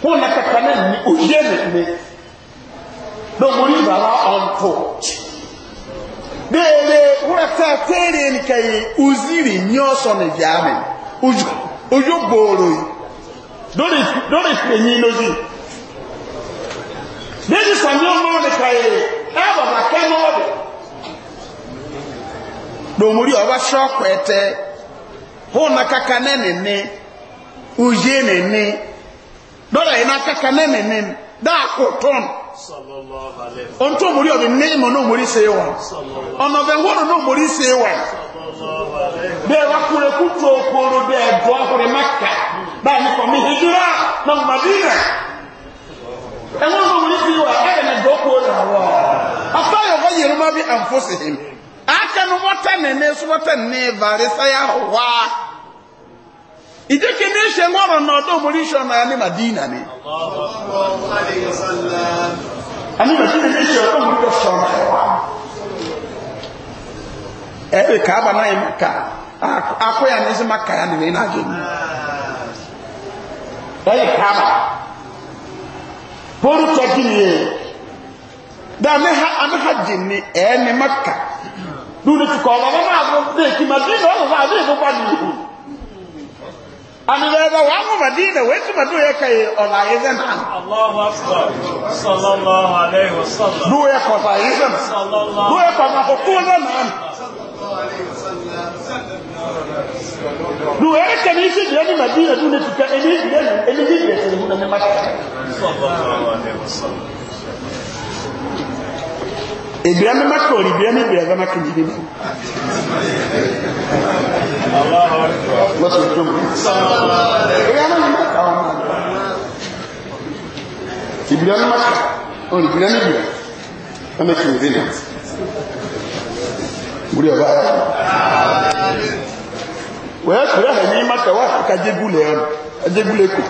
fún n'aka kanáà ní òyìnbó ní lọ́mùrí bàrà ọ̀ntọ́ deere wúrẹ́tẹ́ tẹ́rẹ̀ nìkẹyì uziri ní ọ̀sọ̀ nìjì àmì ojú gbòòrò lórí ìpèyìn lójú lójú sàmì ọmọ nìkẹyì ẹ̀rọ màkẹ́ n'ọ̀dọ̀ lòmúrí ọba ṣọ́ọ̀kù ẹ̀tẹ́ hùn na kaka nẹ́nìní ujé nìní lọ́rọ̀ yìí na kaka nẹ́nìní dáàkù ohun tó mórí ọ̀dì ní ìmọ̀ náà ịwa. ṣe wà ọ̀nà bẹ̀wọ̀n ịwa. mórí ṣe wà bẹ́ẹ̀ wá kúrẹ́ kú maka kóró bẹ́ẹ̀ dọ́ ọkùnrin mẹ́kà báyìí ní kọ̀mí hijira na madina ẹ̀wọ̀n náà mórí ṣe wà awa ní dọ́kọ̀ rẹ̀ wà afáyọ̀ bá yẹ̀rọ na bí àǹfọ̀sẹ̀ hìm àkànnú wọ́tẹ̀ ìjẹ́kẹ́ ní ṣe wọ́rọ̀ náà tó borí ṣọ́nà ní madina ni ẹ̀rẹ̀ kàábà náà yẹn ká akọ́yà ní sí máa kàyà nìyẹn náà jẹ́ ní ẹ̀rẹ̀ kàábà bóru tọ́jú ni yẹn dá anáhàjì lórí kí madina nìyẹn amibɛɛba wɔn aŋɔ madina wɔn etu madu yɛ kɛyɛ ɔla yɛ zɛn akbar sallallahu alayhi Wasallam. sallam. du yɛ kɔfa yɛ zɛn. du yɛ kɔfa ko kó zɛn han. du yɛ kɛ ni isi diɛ ni madina ne tu kɛ alayhi wa ebira mi mako ori ebira mi ebira gama kejì ni mu. lọ́sọ̀ tó mu. ebira mi mako àwọn ọmọ rẹ̀. ebira mi mako ori ebira mi ebira gama kejì ni mu. wúri ọba ara. wẹ́ẹ́ kúrẹ́ hàn ní mako wá ká jégúlẹ̀ ọ̀nà ajégúlẹ̀ kù.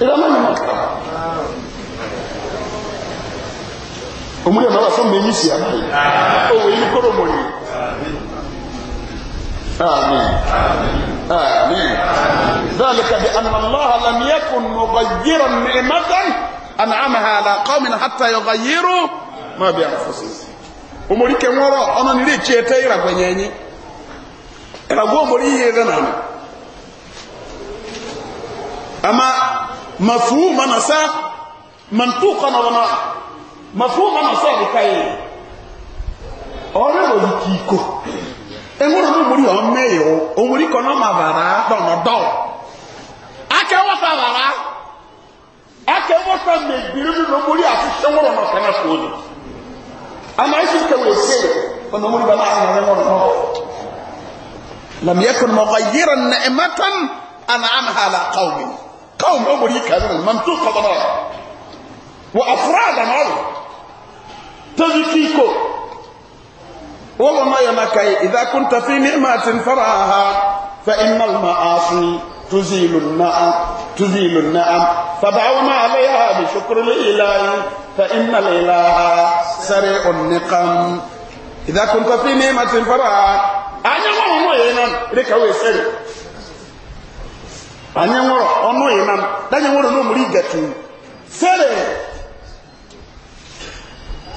ebira mi mako omuli ɛmɛ wafɔ mbɛ nyisi ama yi owo eyi koro mo yi amin amin ذلك بأن الله لم يكن مغيرا نعمة أنعمها على قوم حتى يغيروا ما بأنفسهم omori ke nworo ono ni le chete ira gwenyenyi era go omori yeze na ama mafhum ana sa mantuqa na wana mafuuma na sɛ ɛde kae ɔre wɔ yi kiiko ɛnwura no omori ɔmmɛyɛ wo omori kɔ n'ɔma varaa dɔnɔdɔw aka wɔ sa varaa aka wɔ sa mebiri no na omori ahyehyɛ wɔrɔ na ɔsɛn aso wɔn ama esi ka wɔ esi ɔna omori ba na ahyehyɛ wɔrɔ na ɔsɛn aso لم يكن مغيرا نعمة أنعمها على قوم قوم أمريكا من منطوق ضرر وأفراد مرض تجي فيكو وما يمكي إذا كنت في نعمة فراها فإن المعاصي تزيل النعم تزيل النعم فدعونا عليها بشكر الإله فإن الإله سريع النقم إذا كنت في نعمة فراها أنا ما هو ينام ركوي سريع أنا ما هو ينام لا ينام نوم ريجتي سريع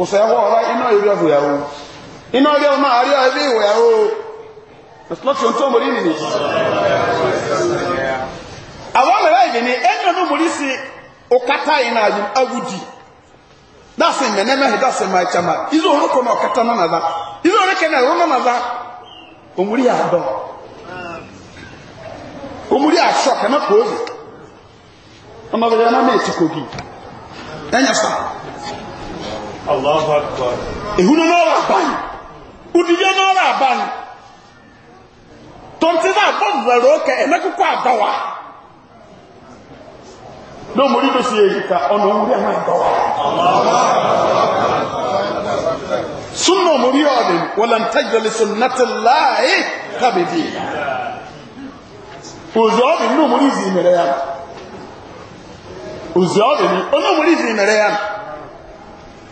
òsèwọ́ ọ̀rá iná ìrí ọ̀hù ẹ̀rù iná ìrí ọ̀nà àrí ọ̀rí ìwẹ̀ lọ́tí ohun mọ̀rí nìyí àwọn mẹ́rẹ́ ìdí ni ẹni ọdún mọ̀rí sí agudi máa ilé orúkọ náà náà nàdá ilé orúkọ náà ẹ̀rọ náà nàdá òmùrí òmùrí àṣọ Allahu akbar. Ehunu n'ọrụ abanye. Udide n'ọrụ abanye. Tonti na abọ nwere oke emekuku adawa. N'omori dosi eyi ka ọ na owuri ama adawa. Sunna omori ọdị walan tajali sunnati laayi kabidi. Ozi ọdị n'omori izi ya. Ozi ọdị n'omori ya.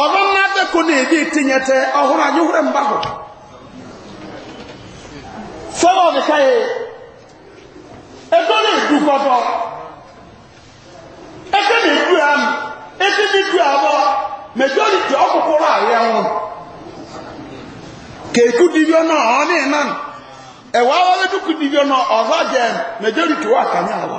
ọrụ mmadụ kụ na-ebi etinyete ọhụrụ anyị hụrụ mgbahụ fọlọ dịka ya e, ebe na-edu gọbọ ebe na-edu amụ ebe na-edu abọ mejọriti ọkpụkpụrụ ahụ ya nwụrụ ka eku dibịa nọ ọ na-enanụ ewe awọ edu kụ dibịa nọ ọzọ jem mejọriti wa kanya awọ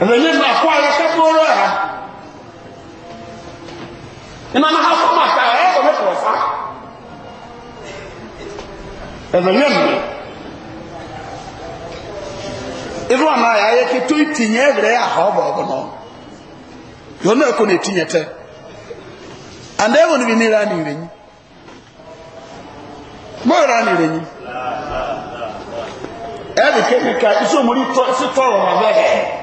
na máa kọ́ ya kẹ́kọ̀ọ́rọ́ ya. iná na fọ́ máa ta ẹ̀ ẹ̀kọ́ mẹ́fọ̀ ọ̀fá ẹ̀rẹ̀lẹ́ mi irú àná yà ayé kí tó ìtìyẹ ẹ̀rẹ̀ àhọ́ ọ̀bọ̀ ọ̀bọ̀ náà yóò náà kó na ìtìyẹ tẹ́ àndá ẹ̀wọ̀n níbi níra ní ìrẹ̀yìn bóyá ní ìrẹ̀yìn ẹ̀rẹ̀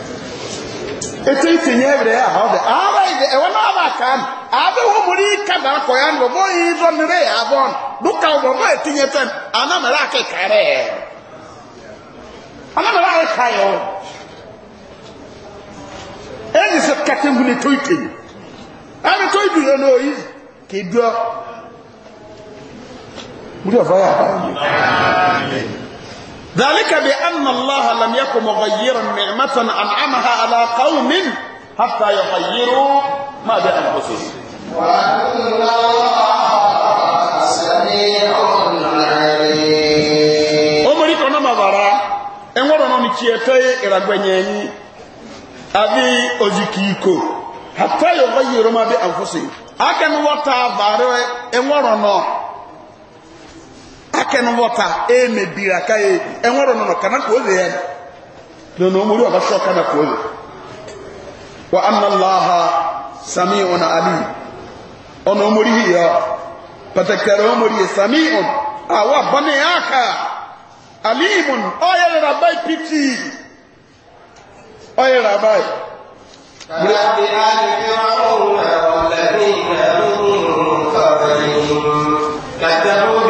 ete itinye ebere ya ahụ dị aba ibe ewe na aba ka m abịa hụ ike na akọ ya ndụ bụ ihe ịzọ mmiri ya abụọ dụka ụgbọ mụ etinye tem ana mere aka ịkarị ya ana mere aka ịka ya enyi sị kata ngwụ na-eto ikenye ebe to n'oyi ka idu mmiri ọzọ ya abụọ ذلك بأن الله لم يكن مغيرا نعمة أنعمها على قوم حتى يغيروا ما بأنفسهم وأن الله سميع عليم أمريك أنا مبارا أمر أنا نتيتي إلى بنياني أبي أزكيكو حتى يغيروا ما بأنفسهم أكن وتا بارو أمر أنا ake no e mebiri aka e enwere no kana ko ya no no muri aba sho kana wa anna allah sami'un alim ono ya patakara muri sami'un awa bane aka alimun oye rabai piti oye rabai فبأي فرعون والذين من قبلهم كذبوا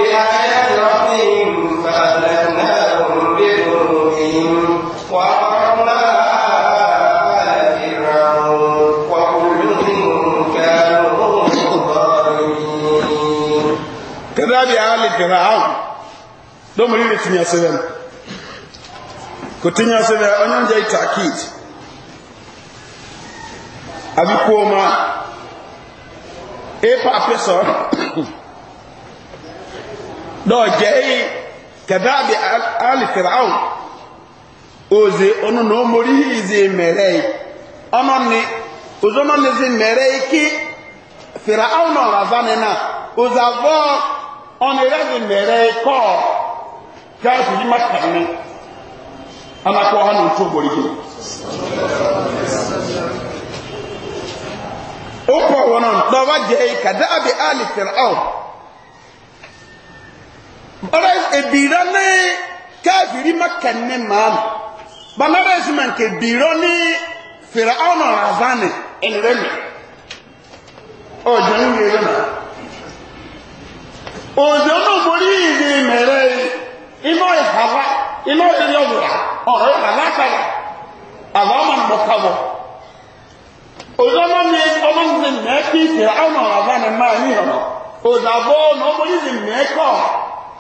kẹrẹ ahụ dọmọrị rẹ tinyasịrị m kò tinyasịrị onye nje itakid abikuo ma ịpa apịsọ dọọje eyi kẹdàbị alị kẹrẹ ahụ oze ọnụ na izi mere ọnụ ni ụzọ ni mere ike fere ahụ na na ọ̀nà ìrẹ́dì mẹ́rẹ́ kọ́ gáàsì yí máa kàní anákọ́ ọ̀hán ní tó gbòrí jù ó pọ̀ wọn náà lọ́wọ́ jẹ́ ìkàdá àbí àlì fẹ̀rẹ̀ ọ̀rẹ́ ìbìrọ̀ ní gáàsì yí máa kàní máa bàmẹ́rẹ́ ìsìnmọ̀ nke ìbìrọ̀ ní fẹ̀rẹ̀ ọ̀nà razani ẹ̀rẹ́mi ọ̀jọ̀ ń yẹ yọ náà ozi onye òmòrí ìdí mẹ̀rẹ̀ iná ìhàlá ọbụla ìrí ọ̀wùrà ọ̀rọ̀ ìhàlá kàrà àbá ọmọ nìbọ̀ kàbọ̀ òjò náà ní ọmọ nìbọ̀ mẹ́kì ìfìrà ọmọ àbá ni máa ní ìrọ̀nà òjò àbọ̀ ní òmòrí ìdí mẹ́kọ̀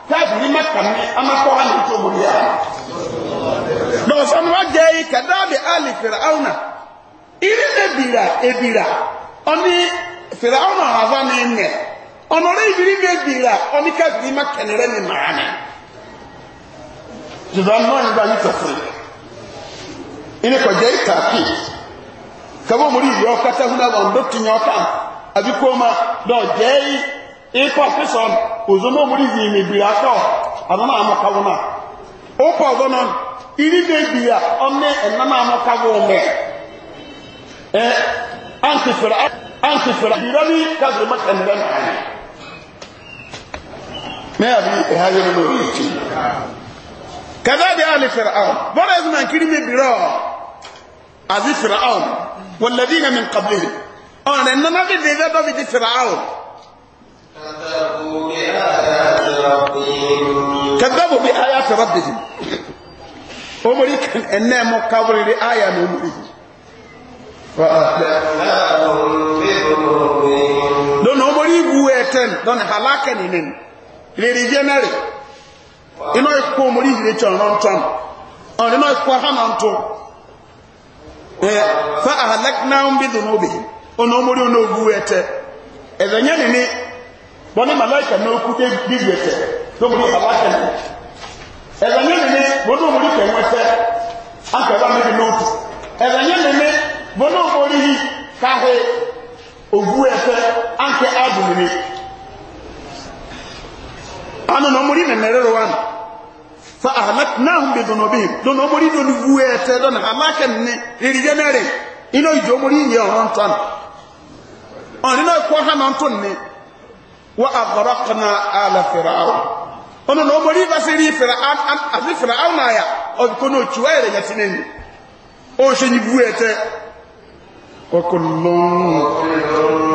táàbù ní ọ ọ̀nọ̀rẹ́ ìbírí mi gbìyà ọ̀níkà bí má kẹ̀nẹ̀rẹ́ mi màá mi ṣùgbọ́n náà nígbà yìí tọ̀ fún ilé kọjá ìta kí kẹwọ́n mo rí ìwé ọkọ tẹ́húnà wọn ló ti yan ọkà àbí kó máa lọ jẹ́ ikọ̀ sísọ òzò náà mo rí ìwé mi gbìyà kọ́ àbọ̀ máa mọ̀ káwọn náà ó pọ̀ ọ̀dọ́ náà ìrí mi gbìyà ọmọ ẹ̀ná máa mọ̀ káwọn mẹ́ ẹ̀ àǹtí fẹ̀rẹ̀ àǹtí fẹ̀rẹ̀ ìrẹ́lí káàkiri mọ́kànlélẹ́nu mẹ́rin ẹ̀háyé nínú orí ìtì kẹ́dẹ́dẹ́ àlè fẹ̀rẹ̀áun bọ́dẹ̀ ẹ̀sùn náà kiri mi bìrọ̀ àti fẹ̀rẹ̀áun wọ́n lẹ́dí ìhẹ́ mi kàbílì ọ̀rẹ́ nana bí dèjẹ́ dọ́bi di fẹ̀rẹ̀áun. kẹ́dẹ́bù bí ayé àfẹ́rọ̀ bìrì omori ẹ̀nẹ́ mọ́ kábírì rí ayé àmì omori yìí. lọ́nà omori ibu ẹ̀tẹ́n lọ́nà halakẹ́ nìyẹn. rere vienere ino ikwa omori hire chon non chon on ino ikwa hanan to fa ahalakna um bi dhunubi ono oh, omori ono ogu ete eh, ezenye ni eh, ni boni malaika na oku te bibi ete n'obodo halaka ni ezenye ni ni boni omori ke nwete anka ba mebi n'otu ezenye ni ni boni omori hi kahe ogu ete anke adu ni ano na ɔmo ri mɛmɛrɛrɛ wa na fa ahalak n'ahom bi dono dono ɔmo ri dono vu ɛtɛ dono halaka nne eriyɛ n'ɛrɛ ina oyi ɔmo ri yɛ ha na ntɔ nne wa abarakana ala firaawo ɔno na ɔmo ri basi ri na ya ɔbiko na otu ayɛrɛ yɛsi n'enu ɔhyɛ ni vu ɛtɛ ɔkɔ lɔn.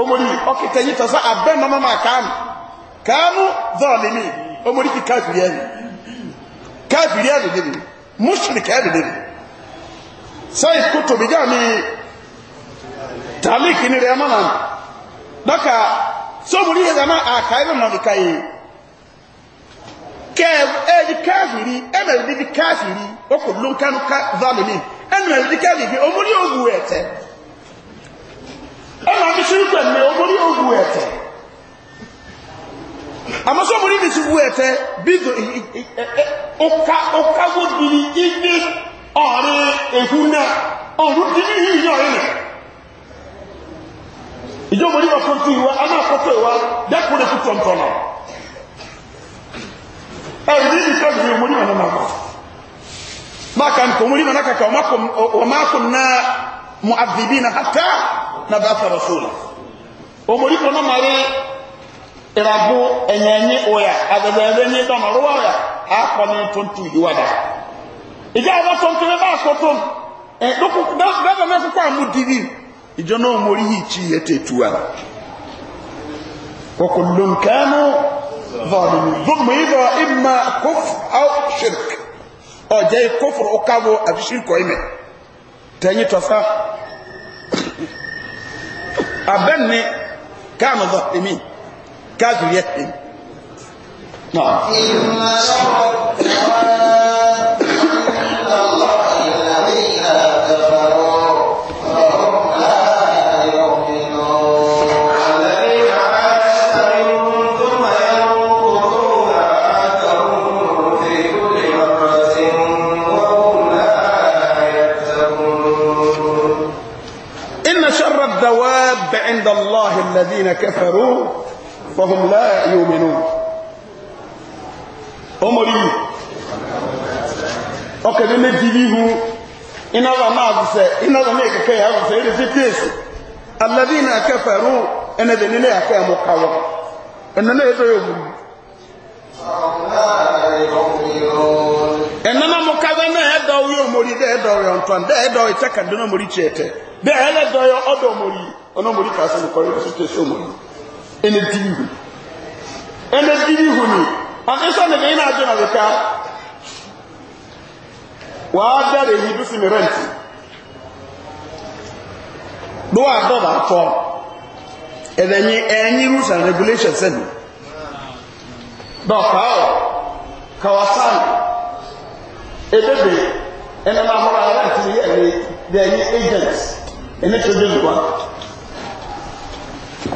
omori ọkìtẹ̀ yìí tọ́sá abẹ́ mọ́mọ́mọ́ àkáàmù káàmù zọ́ọ̀lì mi omori ti káàkiri ẹ̀rì káàkiri ẹ̀rì lèmi mùsùlùkì ẹ̀rì lèmi sẹ́yìn kó tóbi já mi tàlíkì ni rẹ̀ mọ́nà dọ́kà sọ́mùrí yẹn dáná àkàyè mọ́nà kíkà yìí kẹ́ ẹ̀ di káàkiri ẹ̀ bẹ̀rẹ̀ di káàkiri ó kò lóńkánú zọ́ọ̀lì mi ẹ̀ nù ẹ̀ di káàkiri omori yóò wù náà mi ṣerú pẹ̀lú ogwu ete ẹ̀tẹ̀ àmọ́ sọ́mọ̀rí mi ṣubú ẹ̀tẹ̀ bízo ọkágbó dìrì ibi ọ̀rẹ́ èhú na ọ̀rún dìrì yìí yọ̀ rẹ̀ ìjọba onímọ̀ fún tí ìwá a máa fọ́tọ̀ ìwá na bàtà rasúlà omori kò náà mari ìràgbó ẹ̀yẹ̀nyí òyà àgbẹ̀bẹ̀rẹ̀ ní dọ̀nà rúwà òyà àkọ́ni tuntun yìí wàdà ìjà àwọn tuntun bá àkótó bẹ́ẹ̀ náà kókó àmú dìbì ìjọ náà omori yìí kí yẹ tètù wa kókó ló ń kẹ́nu vọ́ọ̀lùmí gbọ́mọ ìdọ̀ ìmà kófù áwù ṣìrìkì ọ̀jẹ̀ kófù ọ̀kàwọ̀ àfi ṣìrìkọ̀ ìmẹ̀ tẹ̀yìn abẹ́ni káàmù bọ̀ èmi káàkiri ẹ̀ èmi. الذين كفروا فهم لا يؤمنون أمري أكذب نجيبه إن الله ما أبسه إن الله ما يكفي أبسه إذا في كيس الذين كفروا إن ذنين يكفي مقاوة إننا يدعو يؤمنون ɛnana mo kaza na ɛdɔ wo yɛ omori dɛ ɛdɔ yɛ ntɔn dɛ ɛdɔ yɛ kyɛ kaduna omori kyɛ tɛ dɛ ɛdɔ yɛ ɔdɔ ɔno mo di ka sɛ nukɔre nso te so mo ɛna diri hu ɛna diri hu ni ɔno sɛ ne bɛyɛ n'adwo na bɛka wàá dára èyí bí sinmi rẹ́ǹtì do a dɔ b'a fɔ ɛbɛ nyi ɛɛ rules and regulations ɛni dɔw kaw kawasan ebebe ɛnɛma hɔrɔn ara ti yɛ ɛni they are agents ɛni to de luwa.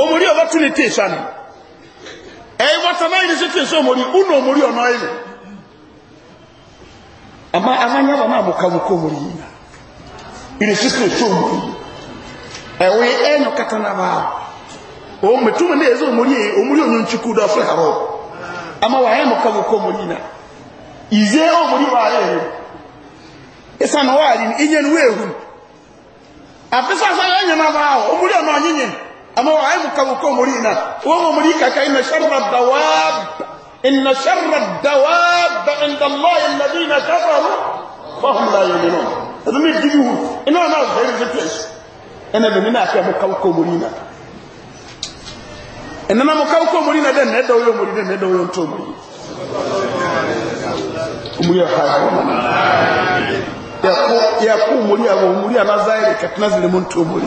omori ọba tún ní tí èso àná ẹ̀yìn wọ́tọ̀ náà yìí sí tí èso omori únà omori ọ̀nà ilẹ̀ àmá amáyáwà náà mọ̀ kàwọ́ kó omori yìí náà ìrìn sí sí èso omori ẹ̀wọ̀ ẹ̀yìn kàtà náà bá òun mẹ̀túmọ̀ náà èso omori yìí omori ọ̀nà nchukwu dọ̀ fẹ́ àrọ̀ àmá wà ẹ̀yìn mọ̀ kàwọ́ kó omori yìí náà ìzé omori wà ẹ̀yìn ìsànà wà ẹ̀yìn ìyẹn wẹ̀ẹ̀hùn àfẹ́sàfẹ́ ẹ̀yìn náà bá omori ọ̀nà ọ̀nyìnyìn amma wa aimu kawo ko muri na wa mu muri kaka inna sharra dawab inna sharra dawab inda Allah alladhina kafaru fa hum la yu'minun azumi dibu ina na very different ina bi mina ka mu kawo ko muri na ina na mu kawo ko muri dan ne dawo yo muri dan ne dawo to muri mu ya ka ya ku ya ku muri ya muri ana zaire katina zile to muri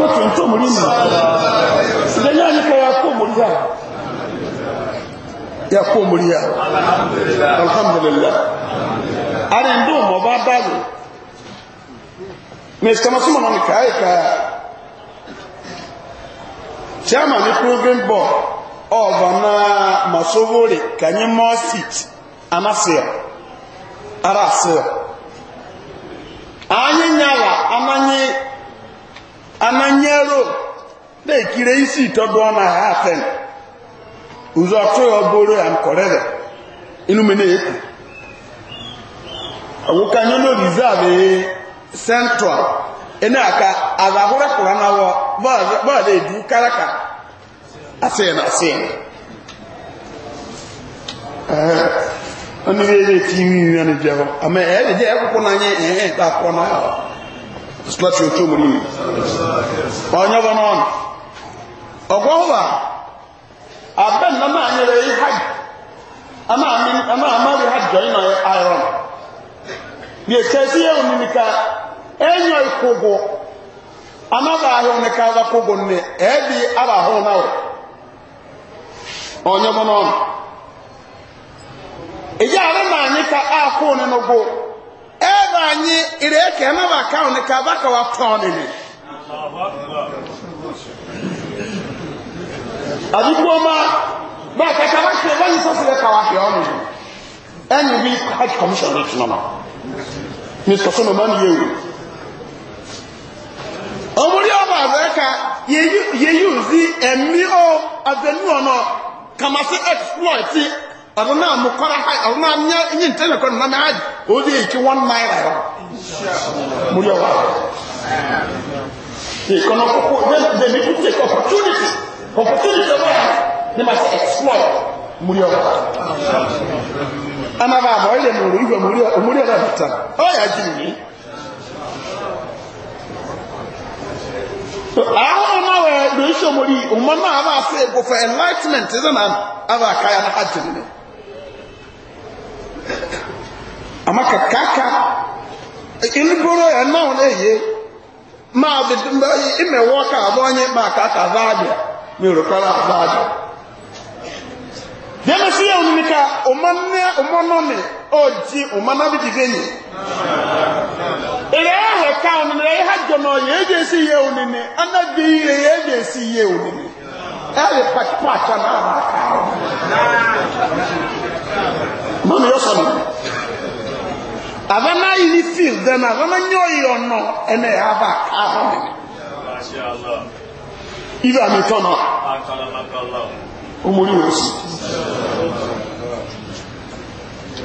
mọ́tò tó mú nínú ìdẹ́yà nípa ya kó mú yá ya kó mú yá alhamdulillah ari ndó mọ̀ bá báyìí na ìsìkàmà tó mọ̀ nìkà àìkà chairman ní program board ọ̀bà na masovore kanyẹ mọ́ seat anásíà ara àsíà anyị nyara amanyero na-ekiri isi itodo ọna ha afen ụzọ ọtụ ya ọbụrụ ya nkọrere inumene ekwu awụkanye no reserve central ene aka azahụrụ kwụrụ n'awọ bọọdụ edu karaka asị na asị ọnụ ihe eti iri iri ọnụ jehọ ama ebe je akwụkwọ n'anya ihe ịta akwụkwọ n'ahụ slati otu omori onye bụ n'ọnụ ọgwọ ụwa abịa nna m anyere ha. ama amaghị ha onye na iron na-echezi ya omimi ka enyo ikwụgwụ anaghị ahụ onye ka agha kwụgwụ nne ebi ara ahụ na onye bụ n'ọnụ ị ga-arụ na anyị ka akwụ onye n'ụgwụ ɛɛba anyi ìrèké ɛmɛ bá ká wọn ká bá ká wà tọ́ ni ni. àdúgbò ma bá a kàkà bá tiẹ̀ báyìí sọ́sìlẹ̀ ká wà hìọ́ ni ɛnì bí hajj commission ní tuma na ní sọ́sọ́ mi máa ń yé o. ọmọdé ọba àbẹ̀ ká yẹ yí òzí ẹ̀mí ọ̀ abẹ́nú ọ̀nà kàmáṣe exploit. ọ̀rọ̀ náà mú kọ́ra ọ̀rọ̀ na tẹ́lẹ̀ kọ́ nínú náà ó lè wọ́n máa rọ̀ mú yọ they opportunity opportunity àwọn ọmọ ọmọ náà bá a fẹ́ enlightenment náà a bá káyà náà amaka kaka iliboro ya na ọ na-eyi ma imewe ọka abụọ onye ma ka aka ava abịa merukwara ava abịa bịa mesị ya onye ka ụmanne ụmanọmi oji ụmanabidibeni ere ahụ ka onene ihe jọ na ọya eji esi ihe onene anaghị ire ya eji esi ihe onene ya dị pachapata na ahụ aka mọ́nà yọ sọ nù àbá náà yìí ní fíl dẹ́nà àbá náà yọ yìí ọ̀nà ẹ̀nà àbá àbá mi ibà mi tọ́ náà ó mú ní wọ́n sí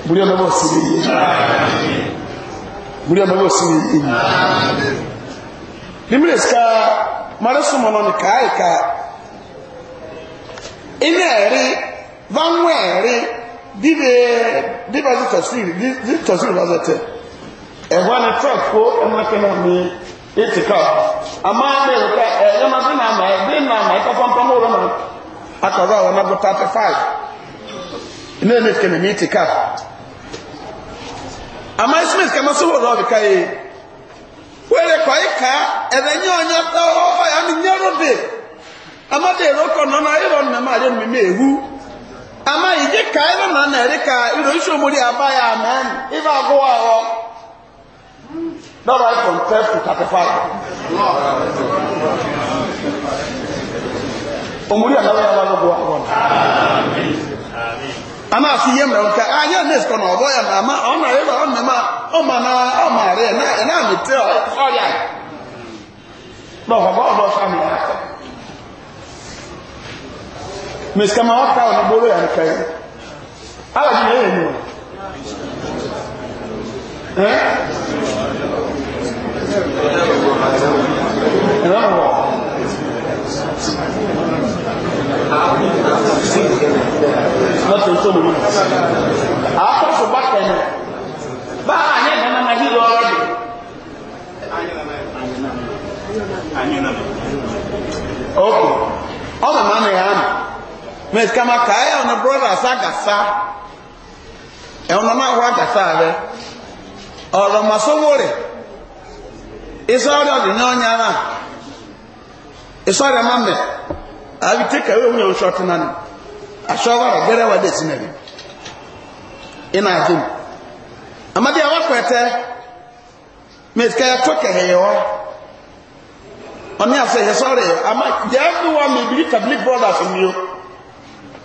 múlí ọmọ bọ́ ní yìí múlí ọmọ bọ́ ní yìí ní mílẹ̀ síká marisumọ̀ náà ní káàkà iná ẹ̀rí vanwẹ̀ Dibe bá sí tọ̀síìrì bí tọ̀síìrì bá zẹ̀tẹ̀ ẹ̀họ́ ni truck kó ẹmọ́kẹ́lá mi ètì ká àmọ́ ẹ̀rọ ká ẹ̀yọ́ máa bí nà àmà ẹ̀ na nà àmà ẹ̀kọ́ pọ́npọ́n mọ́ ọ̀rọ̀ akọ̀rọ̀ àwọn ọmọ thirty five ilé Were kẹ́mi mi ètì ká àmọ́ smith kẹ́mi sọ́wọ́ de. ọ̀bì ká yé wẹ́rẹ́ kọ́ yìí ewu. ama ìdí kàá ẹ̀rọ náà nà ẹ̀rí kàá ìrò ìṣòmòrì àbáyà àmẹ́rin ìfẹ́ àgọ́wà ọ lọ́rọ̀ iphone twelve to thirty five òmòrì àbáyà àbáyà ọ ama afi yẹ mẹrẹ nkà anya nurse kọ na ọbọ ya na ama ọna ẹrọ ọna ma ọma na ọma rẹ ẹ na ẹ na mi tẹ ọ ẹ sọrọ ya. Bọ́ọ̀ bọ́ọ̀ bọ́ọ̀ sọ́mi yà á kọ́ mèsìkà máa wá káwọn nígboro yà nìkan yìí alájú yẹn yẹn ni wọn. ẹ̀rọ wọ̀ lọ́tọ̀ tó lórí àkọ́sọ̀ bá kẹ́nà bá àyẹ̀ nana na hírò ọ̀rọ̀ dì ọkọ̀ ọ̀nà máa nà yà á nà mais kama kaa yɛ ɔno brothers agasa ɛwɔn na ahoro agasa abɛ ɔrɔ masowore isɔre ɔde nyɛ ɔnyara isɔre ɛma mɛ abi take away wɔn yɛ osu ɔtena no asɔba rɛ gɛrɛ wa de si na bi ina adi mu amadi awa ka mɛ kaya tɔ kɛhɛɛ hɔ ɔne asɛ yɛ sɔre ama yɛ ɛbi wa mɛ bi tabili brothers mi o.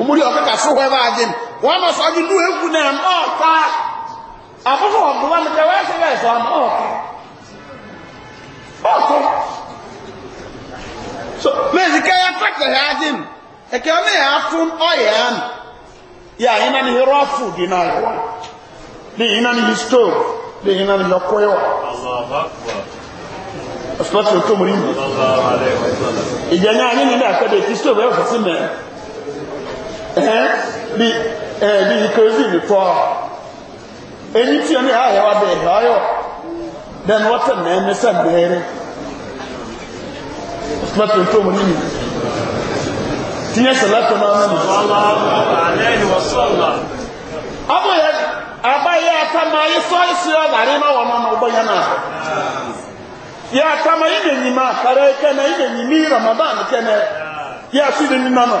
omuli ɔkeka so hɔ ɛba agye mu wɔama so agye nu egu na ɛma ɔka afofo ɔbola mi dɛ wɔahyɛ bɛyɛ so ama ɔka ɔkɔ so mezi ka yɛ tractor hɛ agye mu ɛkɛ ɔne yɛ afom ɔyɛ ano yɛ a yɛna ne yɛ rɔfo di na yɛ wɔn ne yɛna ne yɛ stove ne yɛna ne yɛ kɔɛ wɔ ɔsopɔtɔ tó mu ni mu ìjẹnyɛ anyi stove ɛfɛ bí bí kerosene tọ́ ẹni tí ẹni ààyè wa bẹ̀ ẹ̀hẹ́ ayọ̀ dẹ́nu wọ́n tẹ̀ mẹ́rin mẹ́sẹ̀ mẹ́rin mẹ́tò tó mu nínú tiɲɛ sɛlɛ tó máa mẹ́nu. ọmọ yẹn abayé atama ayé sọ́ọ́ sí ọ̀gá rẹ̀ máa wọ̀ mọ́nà ọgbọ́n yẹn náà ya kama ine nyima kare kene ine nyimi ramadan kene ya sidi ni mama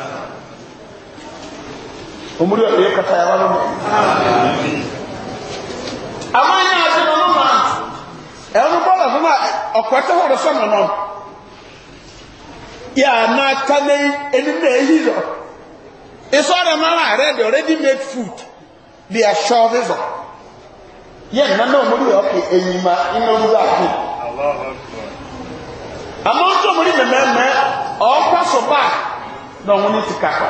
omuri ọ̀dọ̀ yóò kata yàrá lọ́nà. àmọ́ ẹ̀yìn àti ọ̀nà máa ẹ̀rọ bọ́ọ̀lù fún wa ọ̀pọ̀ ẹ̀tọ́ wọ̀rọ̀ sọ̀nà náà yà á máa ta ní ẹni náà èyí lọ. ìsọ̀rọ̀ mara rẹ̀ the already made food they are sure visa. yẹ ẹ̀ nánà omuri ọ̀pẹ̀ ẹ̀yìn ma iná wúlò àti. àmọ́ ọ̀tọ̀ omuri mẹ́mẹ́mẹ́ ọ̀ọ́kọ́ sọ báà náà wọ́n ní ti kápá.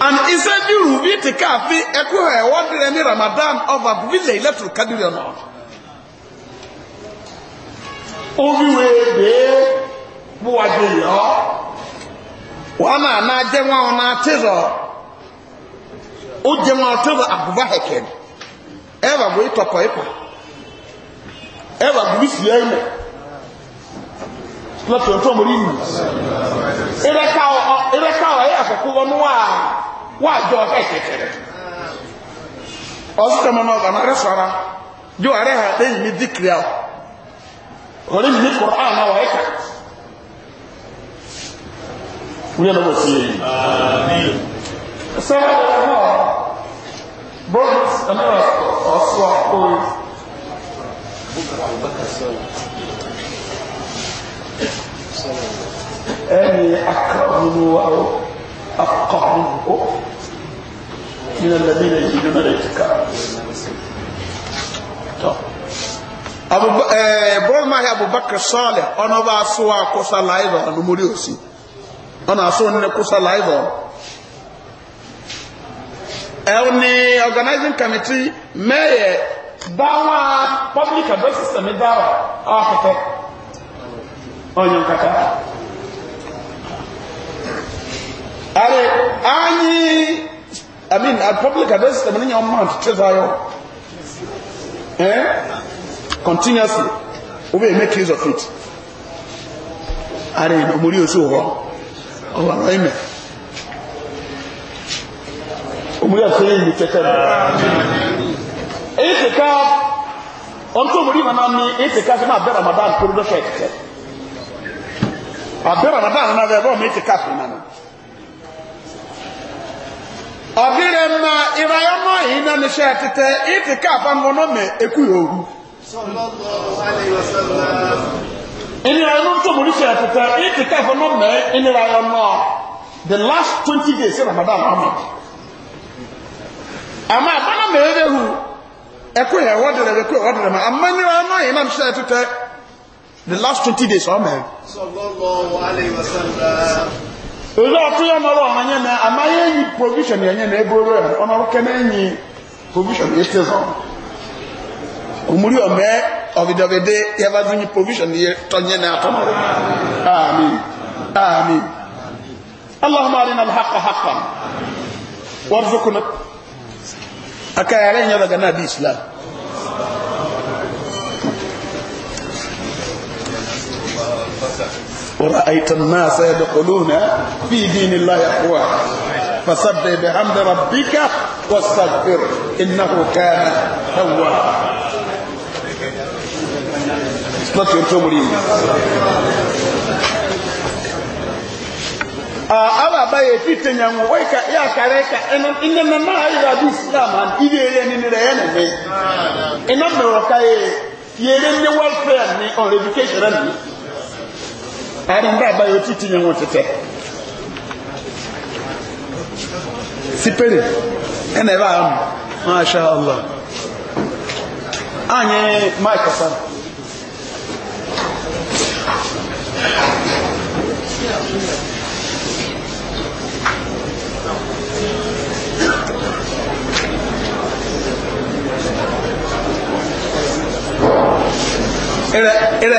and isẹ́jú rúbí ti káàfin ẹkú ẹ̀ wọ́n dirẹ̀ ní ramadan ọba bílẹ̀ electoral kadiri ọ̀nà. Obi wee buwájú yọ wọn náà náà jẹ je nwa ọ na ó ọ. wọn ti rọ àbúbá hẹkẹ ẹ bá bọ ìtọkọ ìpa ẹ bá isi ya ìmọ. lọ́tọ̀ tó mọ̀rí nì ìrẹ́ká ọ̀yẹ́ àkọ́kọ́ wọn wà jọ ọ̀fẹ́ ìkẹ̀kẹ̀rẹ̀ ọ̀sùn tẹ̀mọ̀ náà ọ̀nà rẹ̀ sọ́ra yóò àrẹ́ hà lẹ́yìn mi dìkìrì à ọ̀rẹ́ mi ní kọ̀ọ̀án náà wà ẹ̀ka wúyẹ́ lọ́wọ́ sí èyí sọ́ra ọ̀rọ̀ bọ́ọ̀lù ọ̀sùn àpò أني أكرههم وأفقههم من الذين يجدون الاعتكاف bọ́ọ̀máhì abubakar sọ́ọ̀lẹ̀ ọ̀nà bá sọ àkọsà láìvọ̀ ọ̀nà mórí òsì ọ̀nà àsọ òní kọsà láìvọ̀ ẹ̀wọ̀n ni organizing committee mẹ́yẹ̀ dáwà public address system ọ̀yàn kàkà ààrẹ anyi i mean at public address system ní yàn mount trezayo eh continuously o bẹ́ẹ̀ make use of it ààrẹ ọmọrí oṣù wọ ọwọ́ àrọ ẹ̀mẹ̀ ọmọrí ọ̀fẹ́ yìí tẹ́tẹ́ rẹ̀ èyí ti ká ọ̀n tó ọmọrí màmá mi èyí ti ká sí máa bẹ́ ramadan kúrú lọ́sọ̀ ẹ̀kẹ́tẹ́ àbí ramadan náà bẹ́ẹ̀ bọ́ mi ti káfí náà ọ̀bírẹ̀ ma ìrayọ́ náà yìí náà ní ṣe títẹ́ ìtì káfà ń gbọ́nà mẹ́ ekú yòóru. ìnira inú tó mú ní ṣe títẹ́ ìtì káfà ń gbọ́nà mẹ́ ìnira yọ náà the last twenty days ramadan ọmọ. àmọ́ àbáná mẹ́rẹ́rẹ́ hu ẹkú yẹ wọ́dẹ̀rẹ̀ ẹkú yẹ wọ́dẹ̀rẹ̀ mọ́ àmọ́ ìnira náà yìí náà ní ṣe títẹ́ the last twenty days ọmọ ẹ. Èlé ọ̀tún yẹn nọrọ ọ̀nà yẹn àmà yẹn yí provision yẹn yẹn náà eboro ọ̀nà ọ̀kẹ́ náà yí provision yẹn ti zọ̀. Òmùrí ọ̀mẹ́ ọ̀bìdọ̀bìdẹ́ yẹn bá dún yí provision yẹn tọ́ yẹn náà tọ́ mọ̀rọ̀. Amin. Amin. Allahumma arina alhaqa haqqan. Warzuqna. Akayare yẹn daga náà Islam. ورأيت الناس يدخلون في دين الله أفواه فسبح بحمد ربك واستغفر إنه كان هو. láti ọjọ́ mú rí ní ala báyé tí tẹ̀yàn wọ́n ka yà kàrẹ́ ka ẹnà iná na máa bí islam and ilé nínú rẹ̀ ẹ̀nà mi iná mẹ́wọ̀ káyé yẹ̀rẹ̀ ní welfare ní on education ààrẹ ń bá àbáyọ títí yẹn wọn tẹtẹ sípèrè ẹnna ẹ bá a mọ masha allah ànyẹ máìkì sáà. Era, era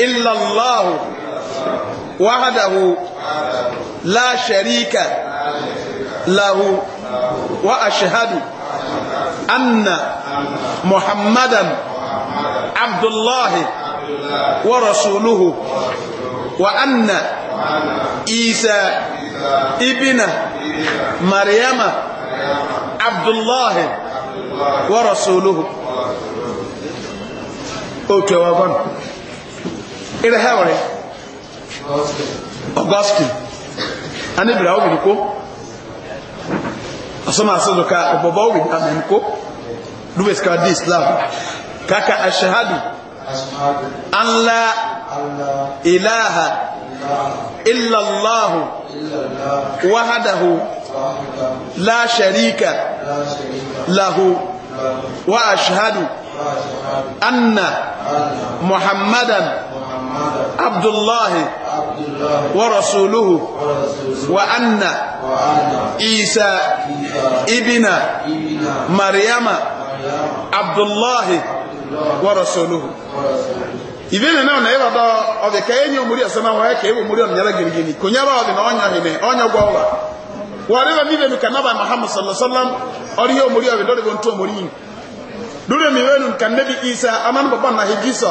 إلا الله وحده لا شريك له وأشهد أن محمدا عبد الله ورسوله وأن عيسى ابن مريم عبد الله ورسوله أوكي وابن ire ha were ogoski ani bira obi ko asoma asodo ka obobo obi amen ko dubes ka di islam kaka ashhadu an la ilaha illa allah wahdahu la sharika lahu wa ashhadu anna muhammadan عبد الله ورسوله وأن عيسى ابن مريم عبد الله ورسوله ibene na na ira da o de ka enyo muri asana wa ka ewo muri onyara girigini kunyara o de na onyo hene onyo gwa wa wa re mi be mi kanaba muhammad sallallahu alaihi wasallam ori yo muri o de do de bonto muri dure mi wenu kan isa aman baba na hijisa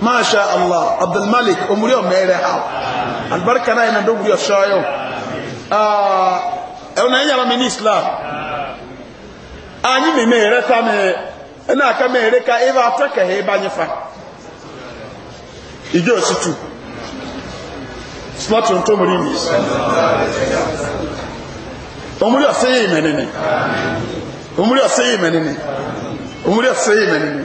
masha allah abdulmalik omuri o mere ha albarka na ina doguri o shoyo ah e ona yara mi islam anyi me mere ta me na aka mere ka iba ataka he ba nyifa ijo situ slot on to muri mi omuri o sey menene omuri o sey menene omuri o sey menene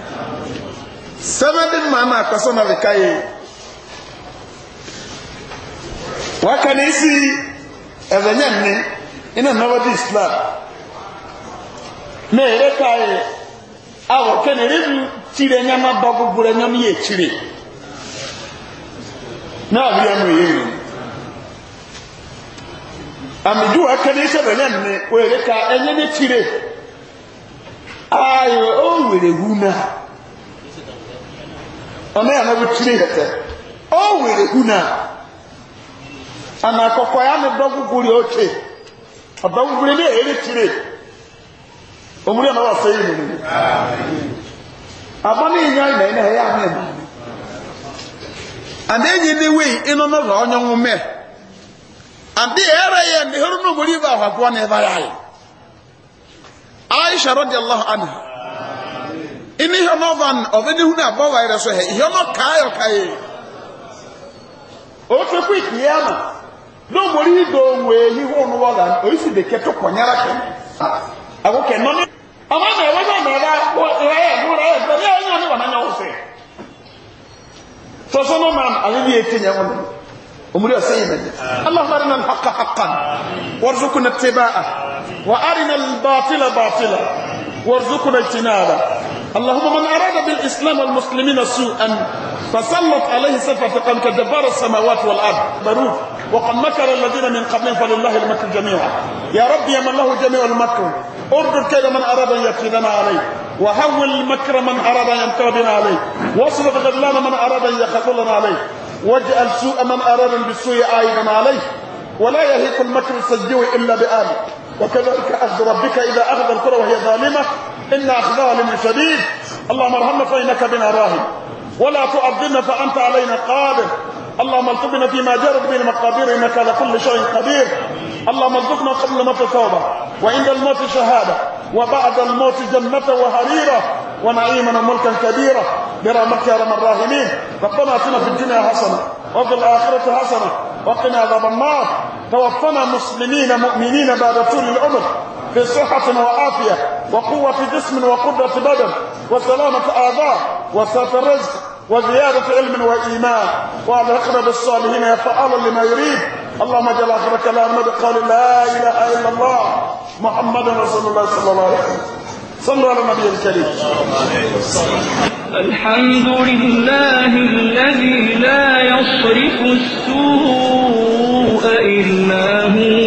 seventy mama akɔsɔ na de ka ye waka na esi ɛfɛ nyɛ nne ina nnɔba di islam na ere ka ye awɔ kɛnɛ ere bi tire nyama ba gbogbo nyama yɛ ekyire na awi ya no yɛ nyɛ amidi waka na esi ɛfɛ nyɛ nne o ere ka ɛnyɛ ne tire ayo o were wu na. O na náà wotiri hẹtẹ ọwere hu Ana akọkọ ya na dɔ oke otwe ɔdɔ guguri ne omuri ɛna wasa yi ninu abɔ na yi anyị na yi na ahụ: amɛ mu enyi ne wei ino no lɔ ɔnyɛ nwomɛ ade ɛrɛ yɛ ne hɛrɛ Anyị aisha anha. ini hɛnɔ van ɔbɛdi hu na bɔ wayɛrɛ so hɛ hɛnɔ kaayɔ kaayɛ o tɛ ku ikiya ma n'o mori yi do wee yi hu no wɔla o yi si de kɛ to kɔnyara kɛ a ko kɛ nɔni ɔmɔ mɛ wɔn mɛ mɛ la ko rɛ ko rɛ bɛn yɛ yɛ ne wɔna nyɔwɔ fɛ sɔsɔ n'o ma ale bi ye te ɲɛ wɔn omuri ɔsɛ yi mɛ de ala fari na haka haka wɔriso kuna te ba a wa ari na baatila baatila wɔriso kuna tina a la. اللهم من أراد بالإسلام والمسلمين سوءا فسلط عليه سفا فقام كجبار السماوات والأرض بروف وقد مكر الذين من قبلهم فلله المكر جميعا يا رب يا من له جميع المكر ارد كيد من أراد أن يكيدنا عليه وهول المكر من أراد أن يمكر عليه واصرف غلان من أراد أن يخذلنا عليه واجعل سوء من أراد بالسوء عائدا عليه ولا يهيق المكر السجوي إلا بآله وكذلك أخذ ربك إذا أخذ القرى وهي ظالمة إن أخذها من شديد اللهم ارحمنا فإنك بنا راهب ولا تؤذلنا فأنت علينا قادر اللهم ارزقنا فيما جرت بين المقادير انك على كل شيء قدير اللهم ارزقنا قبل الموت توبه وعند الموت شهاده وبعد الموت جنه وهريره ونعيما وملكا كبيرا برحمتك يا رب الراحمين ربنا اتنا في الدنيا حسنه وفي الاخره حسنه وقنا عذاب النار توفنا مسلمين مؤمنين بعد طول العمر في صحة وعافية وقوة جسم وقدرة بدن وسلامة آذار وسات رزق وزيادة علم وإيمان وعلى أقرب بالصالحين يفعل لما يريد اللهم جل آخر كلام قال لا إله إلا الله محمد رسول الله صلى الله عليه وسلم صلوا على النبي الكريم الحمد لله الذي لا يصرف السوء إلا هو